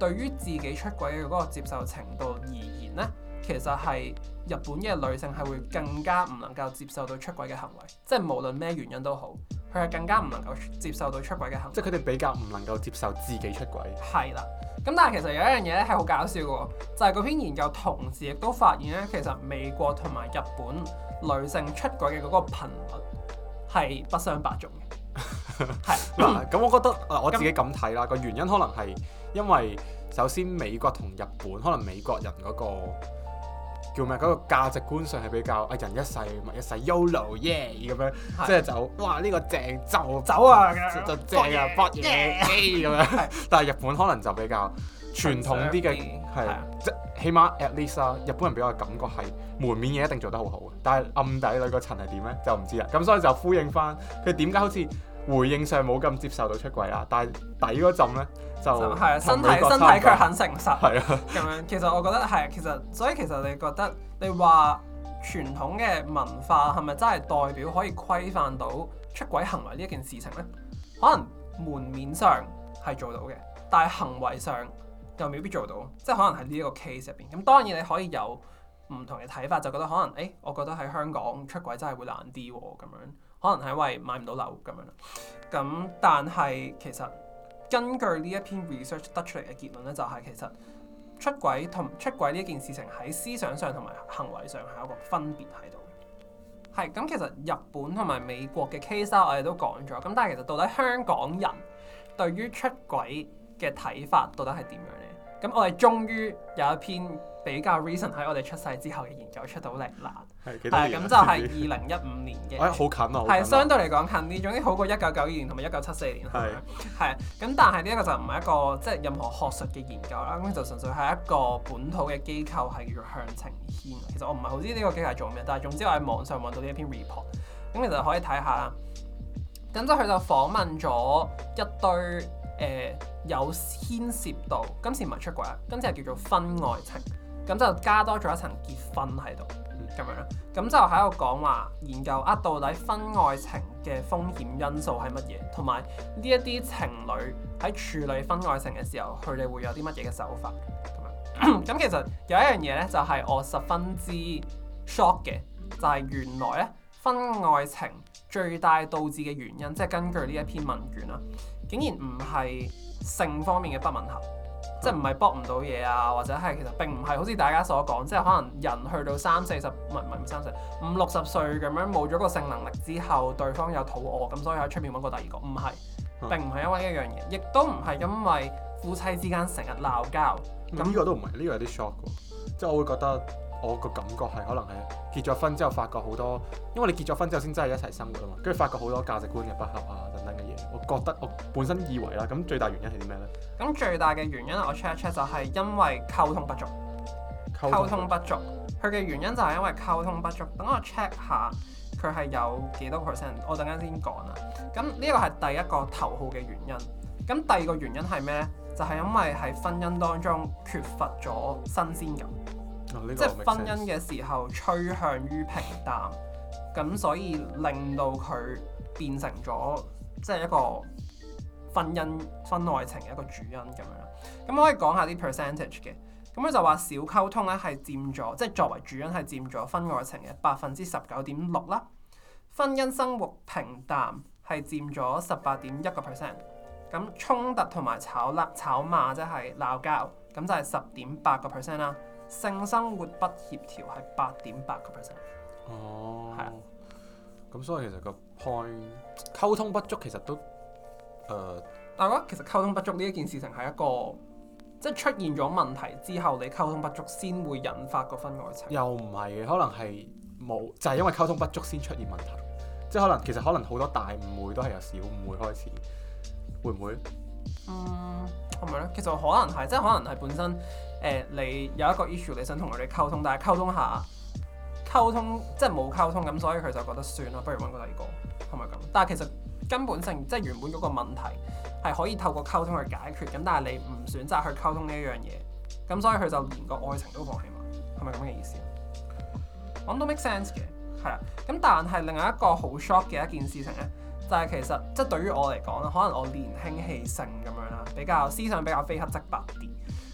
對於自己出軌嘅嗰個接受程度而言咧，其實係日本嘅女性係會更加唔能夠接受到出軌嘅行為，即係無論咩原因都好。佢係更加唔能夠接受到出軌嘅行為，即係佢哋比較唔能夠接受自己出軌。係啦，咁但係其實有一樣嘢咧係好搞笑嘅，就係嗰篇研究同時亦都發現咧，其實美國同埋日本女性出軌嘅嗰個頻率係不相伯仲嘅。係嗱，咁我覺得我自己咁睇啦，個原因可能係因為首先美國同日本，可能美國人嗰個。叫咩？嗰、那個價值觀上係比較啊，人一世物一世，YOLO 耶咁樣，的即係就哇呢、這個正就走啊，走啊就正啊不耶咁樣。但係日本可能就比較傳統啲嘅，係即起碼 at least 啦，日本人俾我嘅感覺係門面嘢一定做得好好，但係暗底裏個層係點咧就唔知啦。咁所以就呼應返佢點解好似回應上冇咁接受到出軌啦，但係底嗰陣咧。 (music) (music) 就係、嗯、身體國國身體卻很誠實，咁、啊、樣其實我覺得係，其實所以其實你覺得你話傳統嘅文化係咪真係代表可以規範到出軌行為呢一件事情呢？可能門面上係做到嘅，但係行為上又未必做到，即係可能喺呢一個 case 入邊。咁當然你可以有唔同嘅睇法，就覺得可能誒、哎，我覺得喺香港出軌真係會難啲喎，咁樣可能係因為買唔到樓咁樣。咁但係其實。根據呢一篇 research 得出嚟嘅結論咧，就係其實出軌同出軌呢件事情喺思想上同埋行為上係一個分別喺度。係咁，其實日本同埋美國嘅 case 我哋都講咗，咁但係其實到底香港人對於出軌嘅睇法到底係點樣呢？咁我哋終於有一篇。比較 recent 喺我哋出世之後嘅研究出到嚟啦係，咁就係二零一五年嘅，係、 (laughs) 哎、相對嚟講近啲。總之好過一九九二年同埋一九七四年係係。咁是但係呢一個就唔係一個即係任何學術嘅研究啦。咁就純粹係一個本土嘅機構係叫做向晴軒。其實我唔係好知呢個機構係做咩，但係總之我喺網上揾到呢一篇 report，咁其實可以睇下。咁即佢就訪問咗一堆誒、呃、有牽涉到今次唔係出軌，今次係叫做婚外情。咁就加多咗一層結婚喺度，咁樣啦。咁就喺度講話研究啊，到底婚外情嘅風險因素係乜嘢，同埋呢一啲情侶喺處理婚外情嘅時候，佢哋會有啲乜嘢嘅手法咁樣。咁 (coughs) 其實有一樣嘢咧，就係、是、我十分之 shock 嘅，就係、是、原來咧婚外情最大導致嘅原因，即、就、係、是、根據呢一篇文卷啦，竟然唔係性方面嘅不吻合。即係唔係搏唔到嘢啊，或者係其實並唔係好似大家所講，即係可能人去到三四十，唔係唔係唔三十，五六十歲咁樣冇咗個性能力之後，對方又肚餓咁，所以喺出面揾個第二個，唔係並唔係因為一樣嘢，亦都唔係因為夫妻之間成日鬧交，咁呢、嗯這個都唔係，呢、這個有啲 Shock，即係我會覺得。我個感覺係可能係結咗婚之後，發覺好多，因為你結咗婚之後先真係一齊生活啊嘛，跟住發覺好多價值觀嘅不合啊等等嘅嘢。我覺得我本身以為啦，咁最大原因係啲咩呢？咁最大嘅原因我 check 一 check 就係因為溝通不足。溝通不足，佢嘅原因就係因為溝通不足。等我 check 下佢係有幾多 percent，我等陣先講啦。咁呢個係第一個頭號嘅原因。咁第二個原因係咩？就係因為喺婚姻當中缺乏咗新鮮感。即係婚姻嘅時候，趨向於平淡，咁所以令到佢變成咗即係一個婚姻婚外情嘅一個主因咁樣啦。咁可以講下啲 percentage 嘅，咁佢就話少溝通咧，係佔咗，即係作為主因係佔咗婚外情嘅百分之十九點六啦。婚姻生活平淡係佔咗十八點一個 percent，咁衝突同埋炒鬧炒罵即係鬧交咁就係十點八個 percent 啦。性生活不協調係八點八個 percent。哦，係啊，咁所以其實個 point 溝通不足其實都誒，但我覺得其實溝通不足呢一件事情係一個即係、就是、出現咗問題之後，你溝通不足先會引發個婚外情。又唔係嘅，可能係冇就係、是、因為溝通不足先出現問題，即係可能其實可能好多大誤會都係由小誤會開始，會唔會？嗯，係咪咧？其實可能係，即係可能係本身。誒，你有一個 issue，你想同佢哋溝通，但係溝通下，溝通即係冇溝通，咁所以佢就覺得算啦，不如揾個第二個，係咪咁？但係其實根本性即係原本嗰個問題係可以透過溝通去解決，咁但係你唔選擇去溝通呢一樣嘢，咁所以佢就連個愛情都放棄埋。係咪咁嘅意思？我諗都 make sense 嘅，係啊，咁但係另外一個好 shock 嘅一件事情呢，就係其實即係對於我嚟講啦，可能我年輕氣盛咁樣啦，比較思想比較非黑即白啲。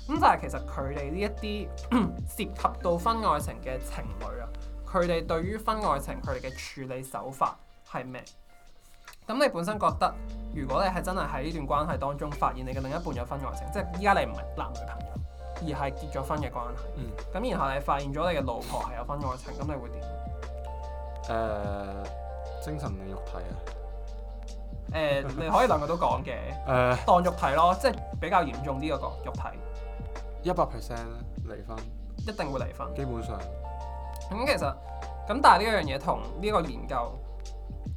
咁就係其實佢哋呢一啲 (coughs) 涉及到婚外情嘅情侶啊，佢哋對於婚外情佢哋嘅處理手法係咩？咁你本身覺得，如果你係真係喺呢段關係當中發現你嘅另一半有婚外情，即係依家你唔係男女朋友，而係結咗婚嘅關係，咁、嗯、然後你發現咗你嘅老婆係有婚外情，咁你會點、呃？精神定肉體啊、呃？你可以兩個都講嘅。誒、呃，當肉體咯，即係比較嚴重啲嗰個肉體。一百 percent 離婚，一定會離婚。基本上，咁、嗯、其實咁但係呢一樣嘢同呢個研究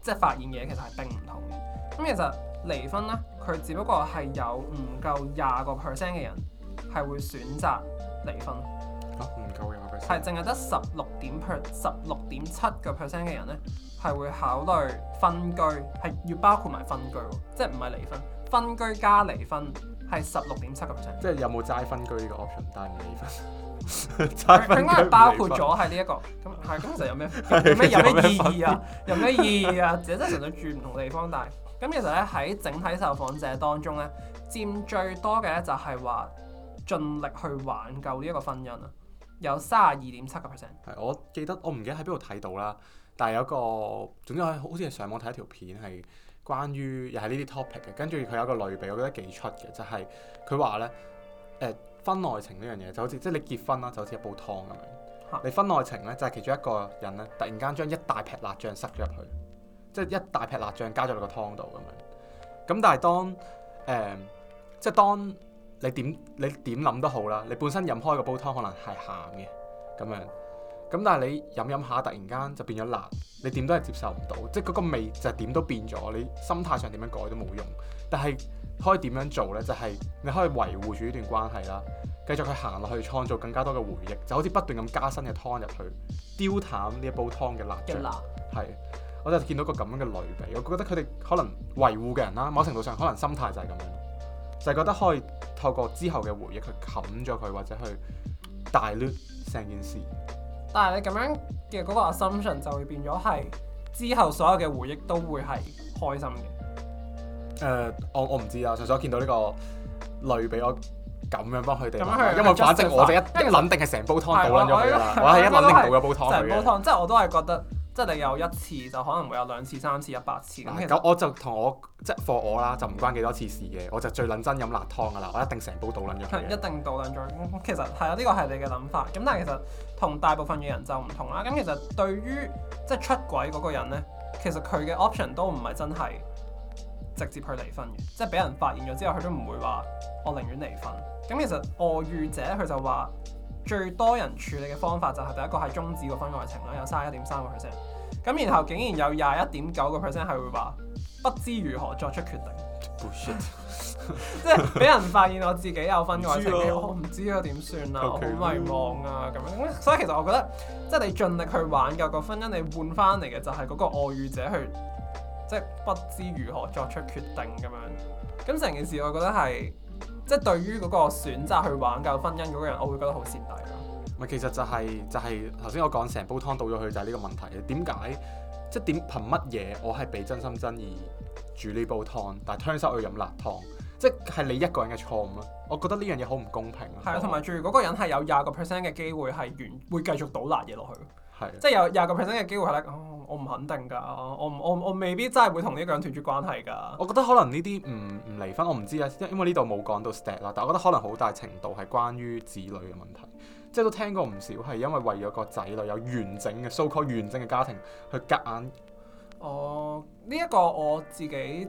即係、就是、發現嘢其實係並唔同嘅。咁、嗯、其實離婚咧，佢只不過係有唔夠廿個 percent 嘅人係會選擇離婚。啊，唔夠廿 percent？係淨係得十六點 per 十六點七個 percent 嘅人咧係會考慮分居，係要包括埋分居，即係唔係離婚，分居加離婚。係十六點七個 percent，即係有冇齋分居呢個 option？但嘅呢分， (laughs) 分居係包括咗係呢一個，咁係咁其實有咩有咩意義啊？ (laughs) 有咩意義啊？真係純粹住唔同地方，但係咁其實咧喺整體受訪者當中咧，佔最多嘅咧就係話盡力去挽救呢一個婚姻啦，有卅二點七個 percent。係，我記得我唔記得喺邊度睇到啦，但係有個總之我好似係上網睇一條片係。關於又係呢啲 topic 嘅，跟住佢有一個類比，我覺得幾出嘅，就係佢話咧，誒、呃，婚外情呢樣嘢就好似即係你結婚啦，就好似一煲湯咁樣，啊、你婚外情咧就係、是、其中一個人咧，突然間將一大劈辣醬塞咗入去，即、就、係、是、一大劈辣醬加咗落個湯度咁樣，咁但係當誒、呃，即係當你點你點諗都好啦，你本身飲開個煲湯可能係鹹嘅，咁樣。咁但係你飲飲下，突然間就變咗辣，你點都係接受唔到，即係嗰個味就係點都變咗。你心態上點樣改都冇用，但係可以點樣做呢？就係、是、你可以維護住呢段關係啦，繼續去行落去，創造更加多嘅回憶，就好似不斷咁加新嘅湯入去，丟淡呢一煲湯嘅辣，辣。辣係，我就見到個咁樣嘅類比，我覺得佢哋可能維護嘅人啦，某程度上可能心態就係咁樣，就係、是、覺得可以透過之後嘅回憶去冚咗佢，或者去大劣成件事。但係你咁樣嘅嗰個 assumption 就會變咗係之後所有嘅回憶都會係開心嘅。誒，我我唔知啊，上次我見到呢個女俾我咁樣幫佢哋，因為反正我哋一、就是、一定諗定係成煲湯倒撚咗佢啦，我係一諗定倒咗煲湯佢、 (laughs) 即係我都係覺、得。即係你有一次就可能會有兩次、三次、一百次咁。其實，咁我，我就同我即係放我啦，就唔關幾多次事嘅。我就最認真飲辣湯噶啦，我一定成煲倒捻入去，一定倒捻咗。其實係啊，呢個係你嘅諗法。咁但係其實同大部分嘅人就唔同啦。咁其實對於即係出軌嗰個人呢，其實佢嘅 option 都唔係真係直接去離婚嘅。即係俾人發現咗之後，佢都唔會話我寧願離婚。咁其實我遇者佢就話。最多人處理嘅方法就係第一個係終止個婚外情啦，有三十一點三個 percent。咁然後竟然有廿一點九個 percent 係會話不知如何作出決定。Oh, shit. (laughs) 即係俾人發現我自己有婚外情，我唔知我點算啊，我好迷茫啊咁、啊啊、樣。所以其實我覺得即係、就是、你盡力去挽救、個婚姻，你換翻嚟嘅就係嗰個外遇者去即係、就是、不知如何作出決定咁樣。咁成件事我覺得係。即係對於嗰個選擇去挽救婚姻嗰個人，我會覺得好善底咯。唔係，其實就係、是、就係頭先我講成煲湯倒咗去就係呢個問題嘅點解？即係點憑乜嘢我係被真心真意煮呢煲湯，但係吞塞去飲辣湯？即係你一個人嘅錯誤咯。我覺得呢樣嘢好唔公平。係啊的，同埋住意嗰個人係有廿個 percent 嘅機會係完會繼續倒辣嘢落去。即係有廿個 percent 嘅機會係咧、哦，我唔肯定噶，我我我未必真係會同呢個人斷絕關係噶。我覺得可能呢啲唔唔離婚，我唔知啊，因為呢度冇講到 step 啦。但我覺得可能好大程度係關於子女嘅問題，即係都聽過唔少係因為為咗個仔女有完整嘅 social 完整嘅家庭去夾硬。哦，呢、這、一個我自己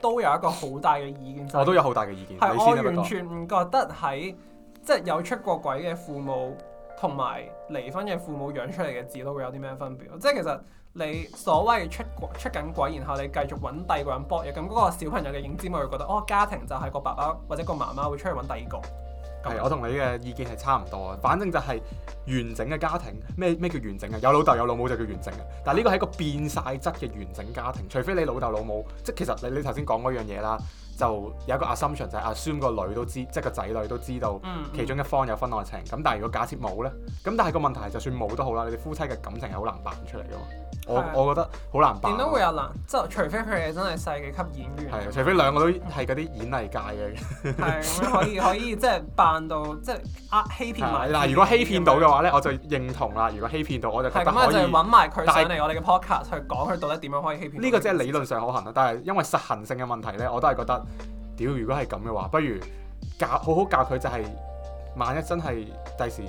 都有一個好大嘅意見， (laughs) 我都有好大嘅意見，係的我完全唔覺得喺 (laughs) 即係有出過軌嘅父母同埋。離婚嘅父母養出嚟嘅子都會有啲咩分別？即係其實你所謂出、出緊軌，然後你繼續揾第二個人搏嘢，咁、那、嗰個小朋友嘅影子咪會覺得哦，家庭就係個爸爸或者個媽媽會出去揾第二個。係，我同你嘅意見係差唔多啊。反正就係完整嘅家庭咩，咩叫完整啊？有老豆有老母就叫完整啊。但係呢個係一個變曬質嘅完整家庭，除非你老豆老母，即係其實你你頭先講嗰樣嘢啦。就有一個 assumption，就係阿孫個女都知，即係個仔女都知道其中一方有婚外情。咁但係如果假設冇呢？咁但係個問題係就算冇都好啦，你哋夫妻嘅感情係好難扮出嚟嘅喎。我、啊、我覺得好難扮、啊。點都會有難，就除非佢哋真係世界級演員。係、啊、除非兩個都係嗰啲演藝界嘅。係、啊 (laughs) 啊、可以可以即係扮到即係呃欺騙埋。嗱、啊，如果欺騙到嘅話呢，我就認同啦。如果欺騙到，我就覺得可以。係咁啊，就揾埋佢上嚟我哋嘅 podcast 是去講佢到底點樣可以欺騙。呢個即係理論上可行啊，但係因為實行性嘅問題呢，我都係覺得。屌，如果係咁嘅話，不如教好好教佢就係、是，萬一真係第時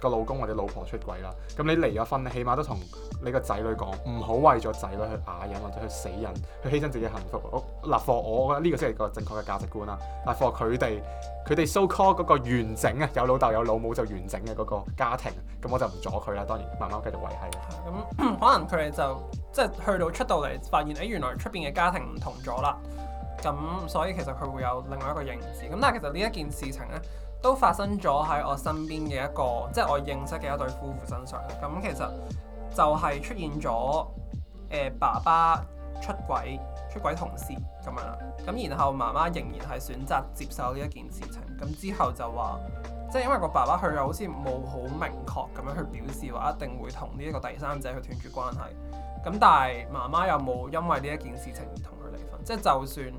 個老公或者老婆出軌啦，咁你離咗婚，你起碼都同你個仔女講，唔好為咗仔女去啞忍或者去死忍，去犧牲自己幸福。我立貨，我覺得呢個先係個正確嘅價值觀啦。立貨佢哋，佢哋 so call 嗰個完整啊，有老豆有老母就完整嘅嗰個家庭，咁我就唔阻佢啦，當然慢慢繼續維繫。咁、嗯、可能佢哋就即係去到出到嚟，發現誒，原來出邊嘅家庭唔同咗啦。咁所以其實佢會有另外一個認知咁，但係其實呢一件事情咧都發生咗喺我身邊嘅一個即係我認識嘅一對夫婦身上。咁其實就係出現咗誒、呃、爸爸出軌出軌同事咁樣，咁然後媽媽仍然係選擇接受呢一件事情。咁之後就話，即係因為個爸爸佢又好似冇好明確咁樣去表示話一定會同呢一個第三者去斷絕關係。咁但係媽媽又冇因為呢一件事情而同事。即係就算誒、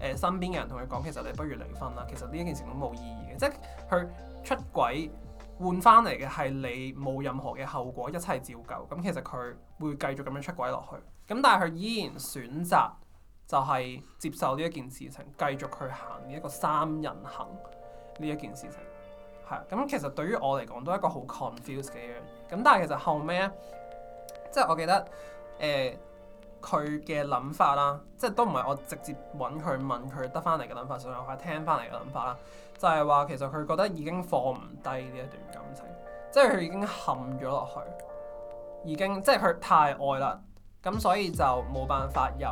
呃、身邊嘅人同佢講，其實你不如離婚啦，其實呢一件事情都冇意義嘅。即係佢出軌換翻嚟嘅係你冇任何嘅後果，一切照舊。咁、嗯、其實佢會繼續咁樣出軌落去。咁但係佢依然選擇就係接受呢一件事情，繼續去行呢一個三人行呢一件事情。係啊，咁、嗯、其實對於我嚟講都係一個好 confuse 嘅一樣嘢。咁但係其實後尾咧，即係我記得誒、呃佢嘅諗法啦，即係都唔係我直接揾佢問佢得翻嚟嘅諗法，所以係聽翻嚟嘅諗法啦。就係話其實佢覺得已經放唔低呢一段感情，即係佢已經陷咗落去，已經即係佢太愛啦。咁所以就冇辦法由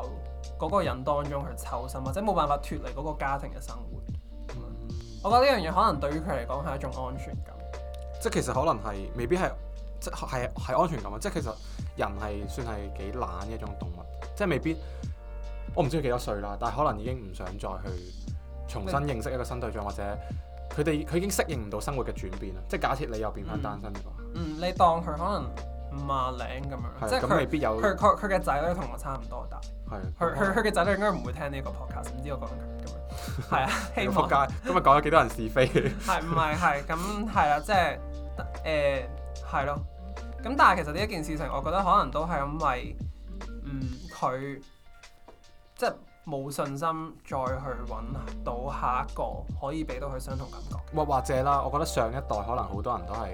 嗰個人當中去抽身，或者冇辦法脫離嗰個家庭嘅生活。嗯、我覺得呢樣嘢可能對於佢嚟講係一種安全感，即係其實可能係未必係即係係安全感啊，即係其實。人係算係幾懶嘅一種動物，即係未必。我唔知佢幾多歲啦，但係可能已經唔想再去重新認識一個新對象，你或者佢哋佢已經適應唔到生活嘅轉變啦。即係假設你又變翻單身嘅話，嗯，嗯，你當佢可能五廿零咁樣，即係佢未必有佢佢嘅仔咧同我差唔多大，係佢佢佢嘅仔咧應該唔會聽呢一個 podcast，唔知我講緊咁樣，係啊，希望。 (laughs) 仆街，今日講咗幾多人是非 (laughs) 是？係唔係係咁係啊？即係誒係咯。嗯笑的 (noise) 咁但係其實呢一件事情，我覺得可能都係因為，嗯，佢即係冇信心再去揾到下一個可以俾到佢相同感覺。或或者啦，我覺得上一代可能好多人都係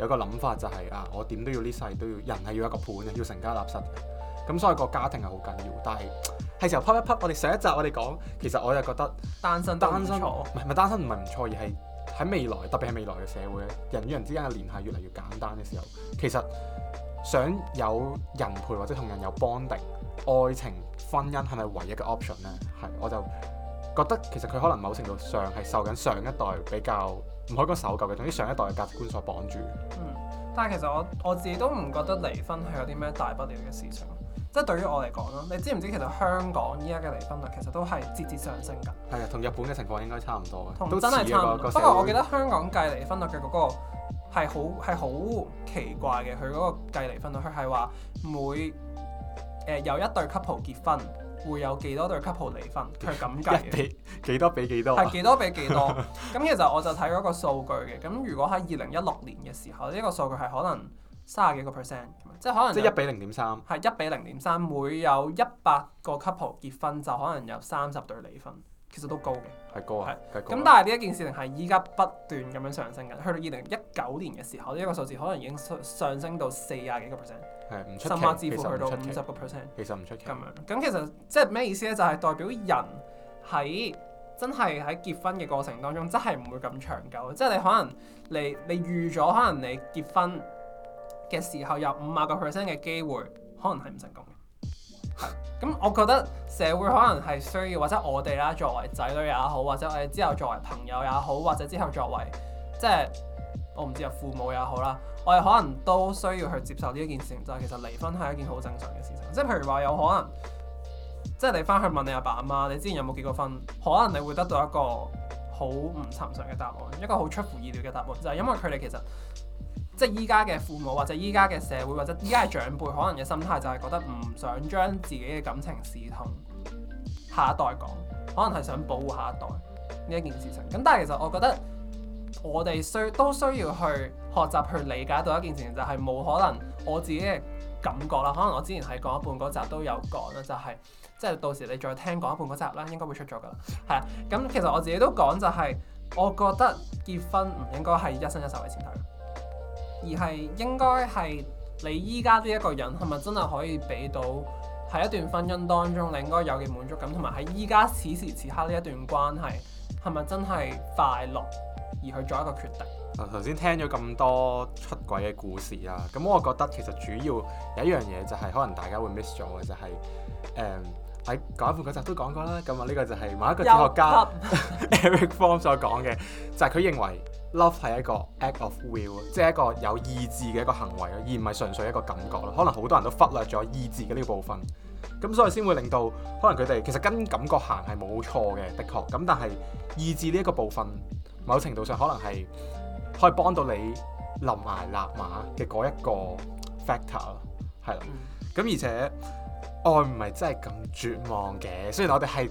有個諗法，就係，就係啊，我點都要呢世都要人係要一個伴要成家立室嘅。咁所以個家庭係好緊要。但係係時候 pop 一 pop 我哋上一集我哋講，其實我就覺得單身單身唔係唔係單身唔係唔錯，而係。喺未來，特別係未來嘅社會咧，人與人之間嘅聯繫越嚟越簡單嘅時候，其實想有人陪或者同人有 bonding，愛情婚姻係咪唯一嘅 option 呢？係，我就覺得其實佢可能某程度上係受緊上一代比較唔可以講守舊嘅，總之上一代嘅價值觀所綁住。嗯，但係其實我我自己都唔覺得離婚係有啲咩大不了嘅事情。即係對於我嚟講啦，你知唔知其實香港依家嘅離婚率其實都係節節上升㗎。係啊，同日本嘅情況應該差唔多嘅，跟 都真係差唔多。過不過我記得香港計離婚率嘅嗰、嗰個係好係好奇怪嘅，佢嗰個計離婚率佢係話每誒、呃、有一對 couple 結婚，會有幾多對 couple 離婚，佢咁計嘅、啊。幾多比幾多？係幾多比幾多？咁其實我就睇嗰個數據嘅。咁如果喺二零一六年嘅時候，呢、呢個數據係可能三十幾個 percent。即係可能，即係一比零點三，係一比零點三，每有一百個 couple 結婚，就可能有三十對離婚，其實都高嘅，係高啊，係咁。但係呢一件事情係依家不斷咁樣上升緊，去到二零一九年嘅時候，呢、這、一個數字可能已經上升到四十幾個 percent，係唔出奇，甚至乎去到五十個 percent，其實唔出奇。咁樣咁其實，其實即係咩意思咧？就係、是、代表人喺真係喺結婚嘅過程當中，真係唔會咁長久。即係你可能你你，你預咗，可能你結婚。嘅時候有五萬個 percent 嘅機會，可能係唔成功嘅。咁， (laughs) 我覺得社會可能係需要，或者我哋啦作為仔女也好，或者我哋之後作為朋友也好，或者之後作為即係我唔知啊父母也好啦，我哋可能都需要去接受呢一件事情，就係其實離婚係一件好正常嘅事情。即係譬如話有可能，即係你翻去問你阿爸阿媽，你之前有冇結過婚，可能你會得到一個好唔尋常嘅答案，一個好出乎意料嘅答案，就係因為佢哋其實。即係依家嘅父母，或者依家嘅社會，或者依家嘅長輩，可能嘅心態就係覺得唔想將自己嘅感情事同下一代講，可能係想保護下一代呢一件事情。咁但係其實我覺得我哋需都需要去學習去理解到一件事情，就係、是、冇可能我自己嘅感覺啦。可能我之前係講半個集都有講啦，就係即係到時你再聽講半個集啦，應該會出咗㗎喇。係啊，咁其實我自己都講就係、是、我覺得結婚唔應該係一生一世為前提。而係應該係你依家呢一個人係咪真係可以俾到喺一段婚姻當中你應該有嘅滿足感，同埋喺依家此時此刻呢一段關係係咪真係快樂，而去做一個決定。頭先、啊、聽咗咁多出軌嘅故事啊，咁我覺得其實主要有一樣嘢就係、是、可能大家會 miss 咗嘅就係誒喺講完嗰集都講過啦，咁啊呢個就係某一個哲學家 (laughs) Eric Form 所講嘅，就係、是、佢認為。Love 係一個 act of will，即係一個有意志嘅一個行為咯，而唔係純粹一個感覺咯。可能好多人都忽略咗意志嘅呢個部分，咁所以先會令到可能佢哋其實跟感覺行係冇錯嘅，的確。咁但係意志呢一個部分，某程度上可能係可以幫到你臨崖勒馬嘅嗰一個 factor 咯，係啦。咁而且愛唔係真係咁絕望嘅，雖然我哋係。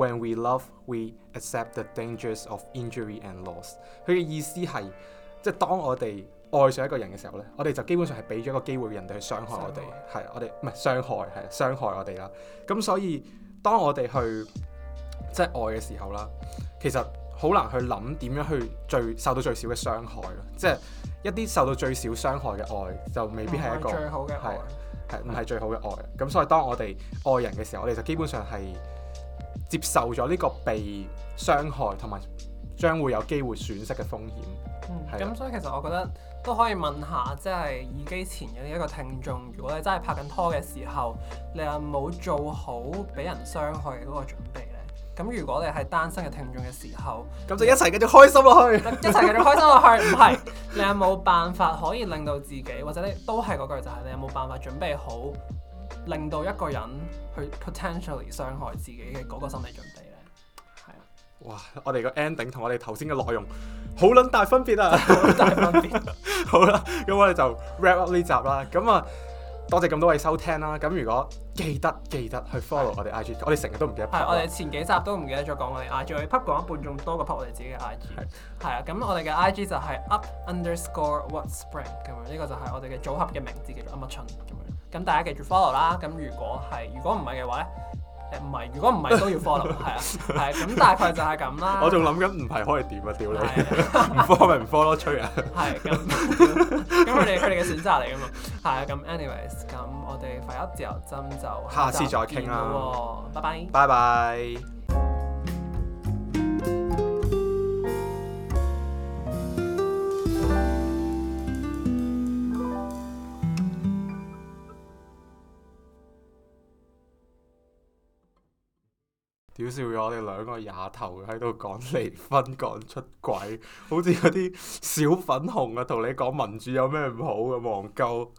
When we love, we accept the dangers of injury and loss。佢嘅意思係，即係當我哋愛上一個人嘅時候咧，我哋就基本上係俾咗一個機會人哋去傷害我哋，係我哋唔係傷害，係傷，傷害我哋啦。咁所以當我哋去即係、就是、愛嘅時候啦，其實好難去諗點樣去最受到最少嘅傷害咯。即係、嗯、一啲受到最少傷害嘅愛，就未必係一個、嗯、最好嘅愛，係唔係最好嘅愛？咁、嗯、所以當我哋愛人嘅時候，我哋就基本上係，接受咗呢個被傷害同埋將會有機會損失嘅風險。嗯，咁的所以其實我覺得都可以問下，即係耳機前嘅一個聽眾，如果你真係拍緊拖嘅時候，你有冇做好俾人傷害嗰個準備咧？咁如果你係單身嘅聽眾嘅時候，咁就一齊繼續開心落去， (laughs) 一齊繼續開心落去。唔係，你有冇辦法可以令到自己，或者你都係嗰句就係、是、你有冇辦法準備好？令到一個人去 potentially 傷害自己嘅嗰個心理準備咧，係啊！哇！我哋嘅 ending 同我哋頭先嘅內容好撚大分別啊，大分別 (laughs) 好啊！大分別。好啦，咁我哋就 wrap up 呢集啦。咁啊，多謝咁多位收聽啦。咁如果記得記得，記得去 follow 對、啊、我哋 IG，我哋成日都唔記得。係，我哋前幾集都唔記得再講我哋 IG、IG。post 講一半仲多過 post 我哋自己嘅 IG。係。啊，咁、啊、我哋嘅 IG 就係 up underscore what spring 咁樣。呢個就係我哋嘅組合嘅名字，叫做噏乜春。咁大家記住 follow 啦，咁如果係，如果唔係嘅話咧，誒唔係，如果唔係都要 follow，係 (laughs) 啊，係，咁、嗯、大概就係咁啦。 (laughs) 我仲諗緊唔係可以點啊，屌你，follow 唔咪唔 follow 咯，吹啊！係咁， (laughs) 咁佢哋佢哋嘅選擇嚟噶嘛，係咁，anyways，咁我哋快啲自由針就下次再傾啦，拜拜，拜拜。小笑咗，我哋兩個廿頭喺度講離婚、講出軌，好似嗰啲小粉紅啊，同你講民主有咩唔好嘅，戇鳩。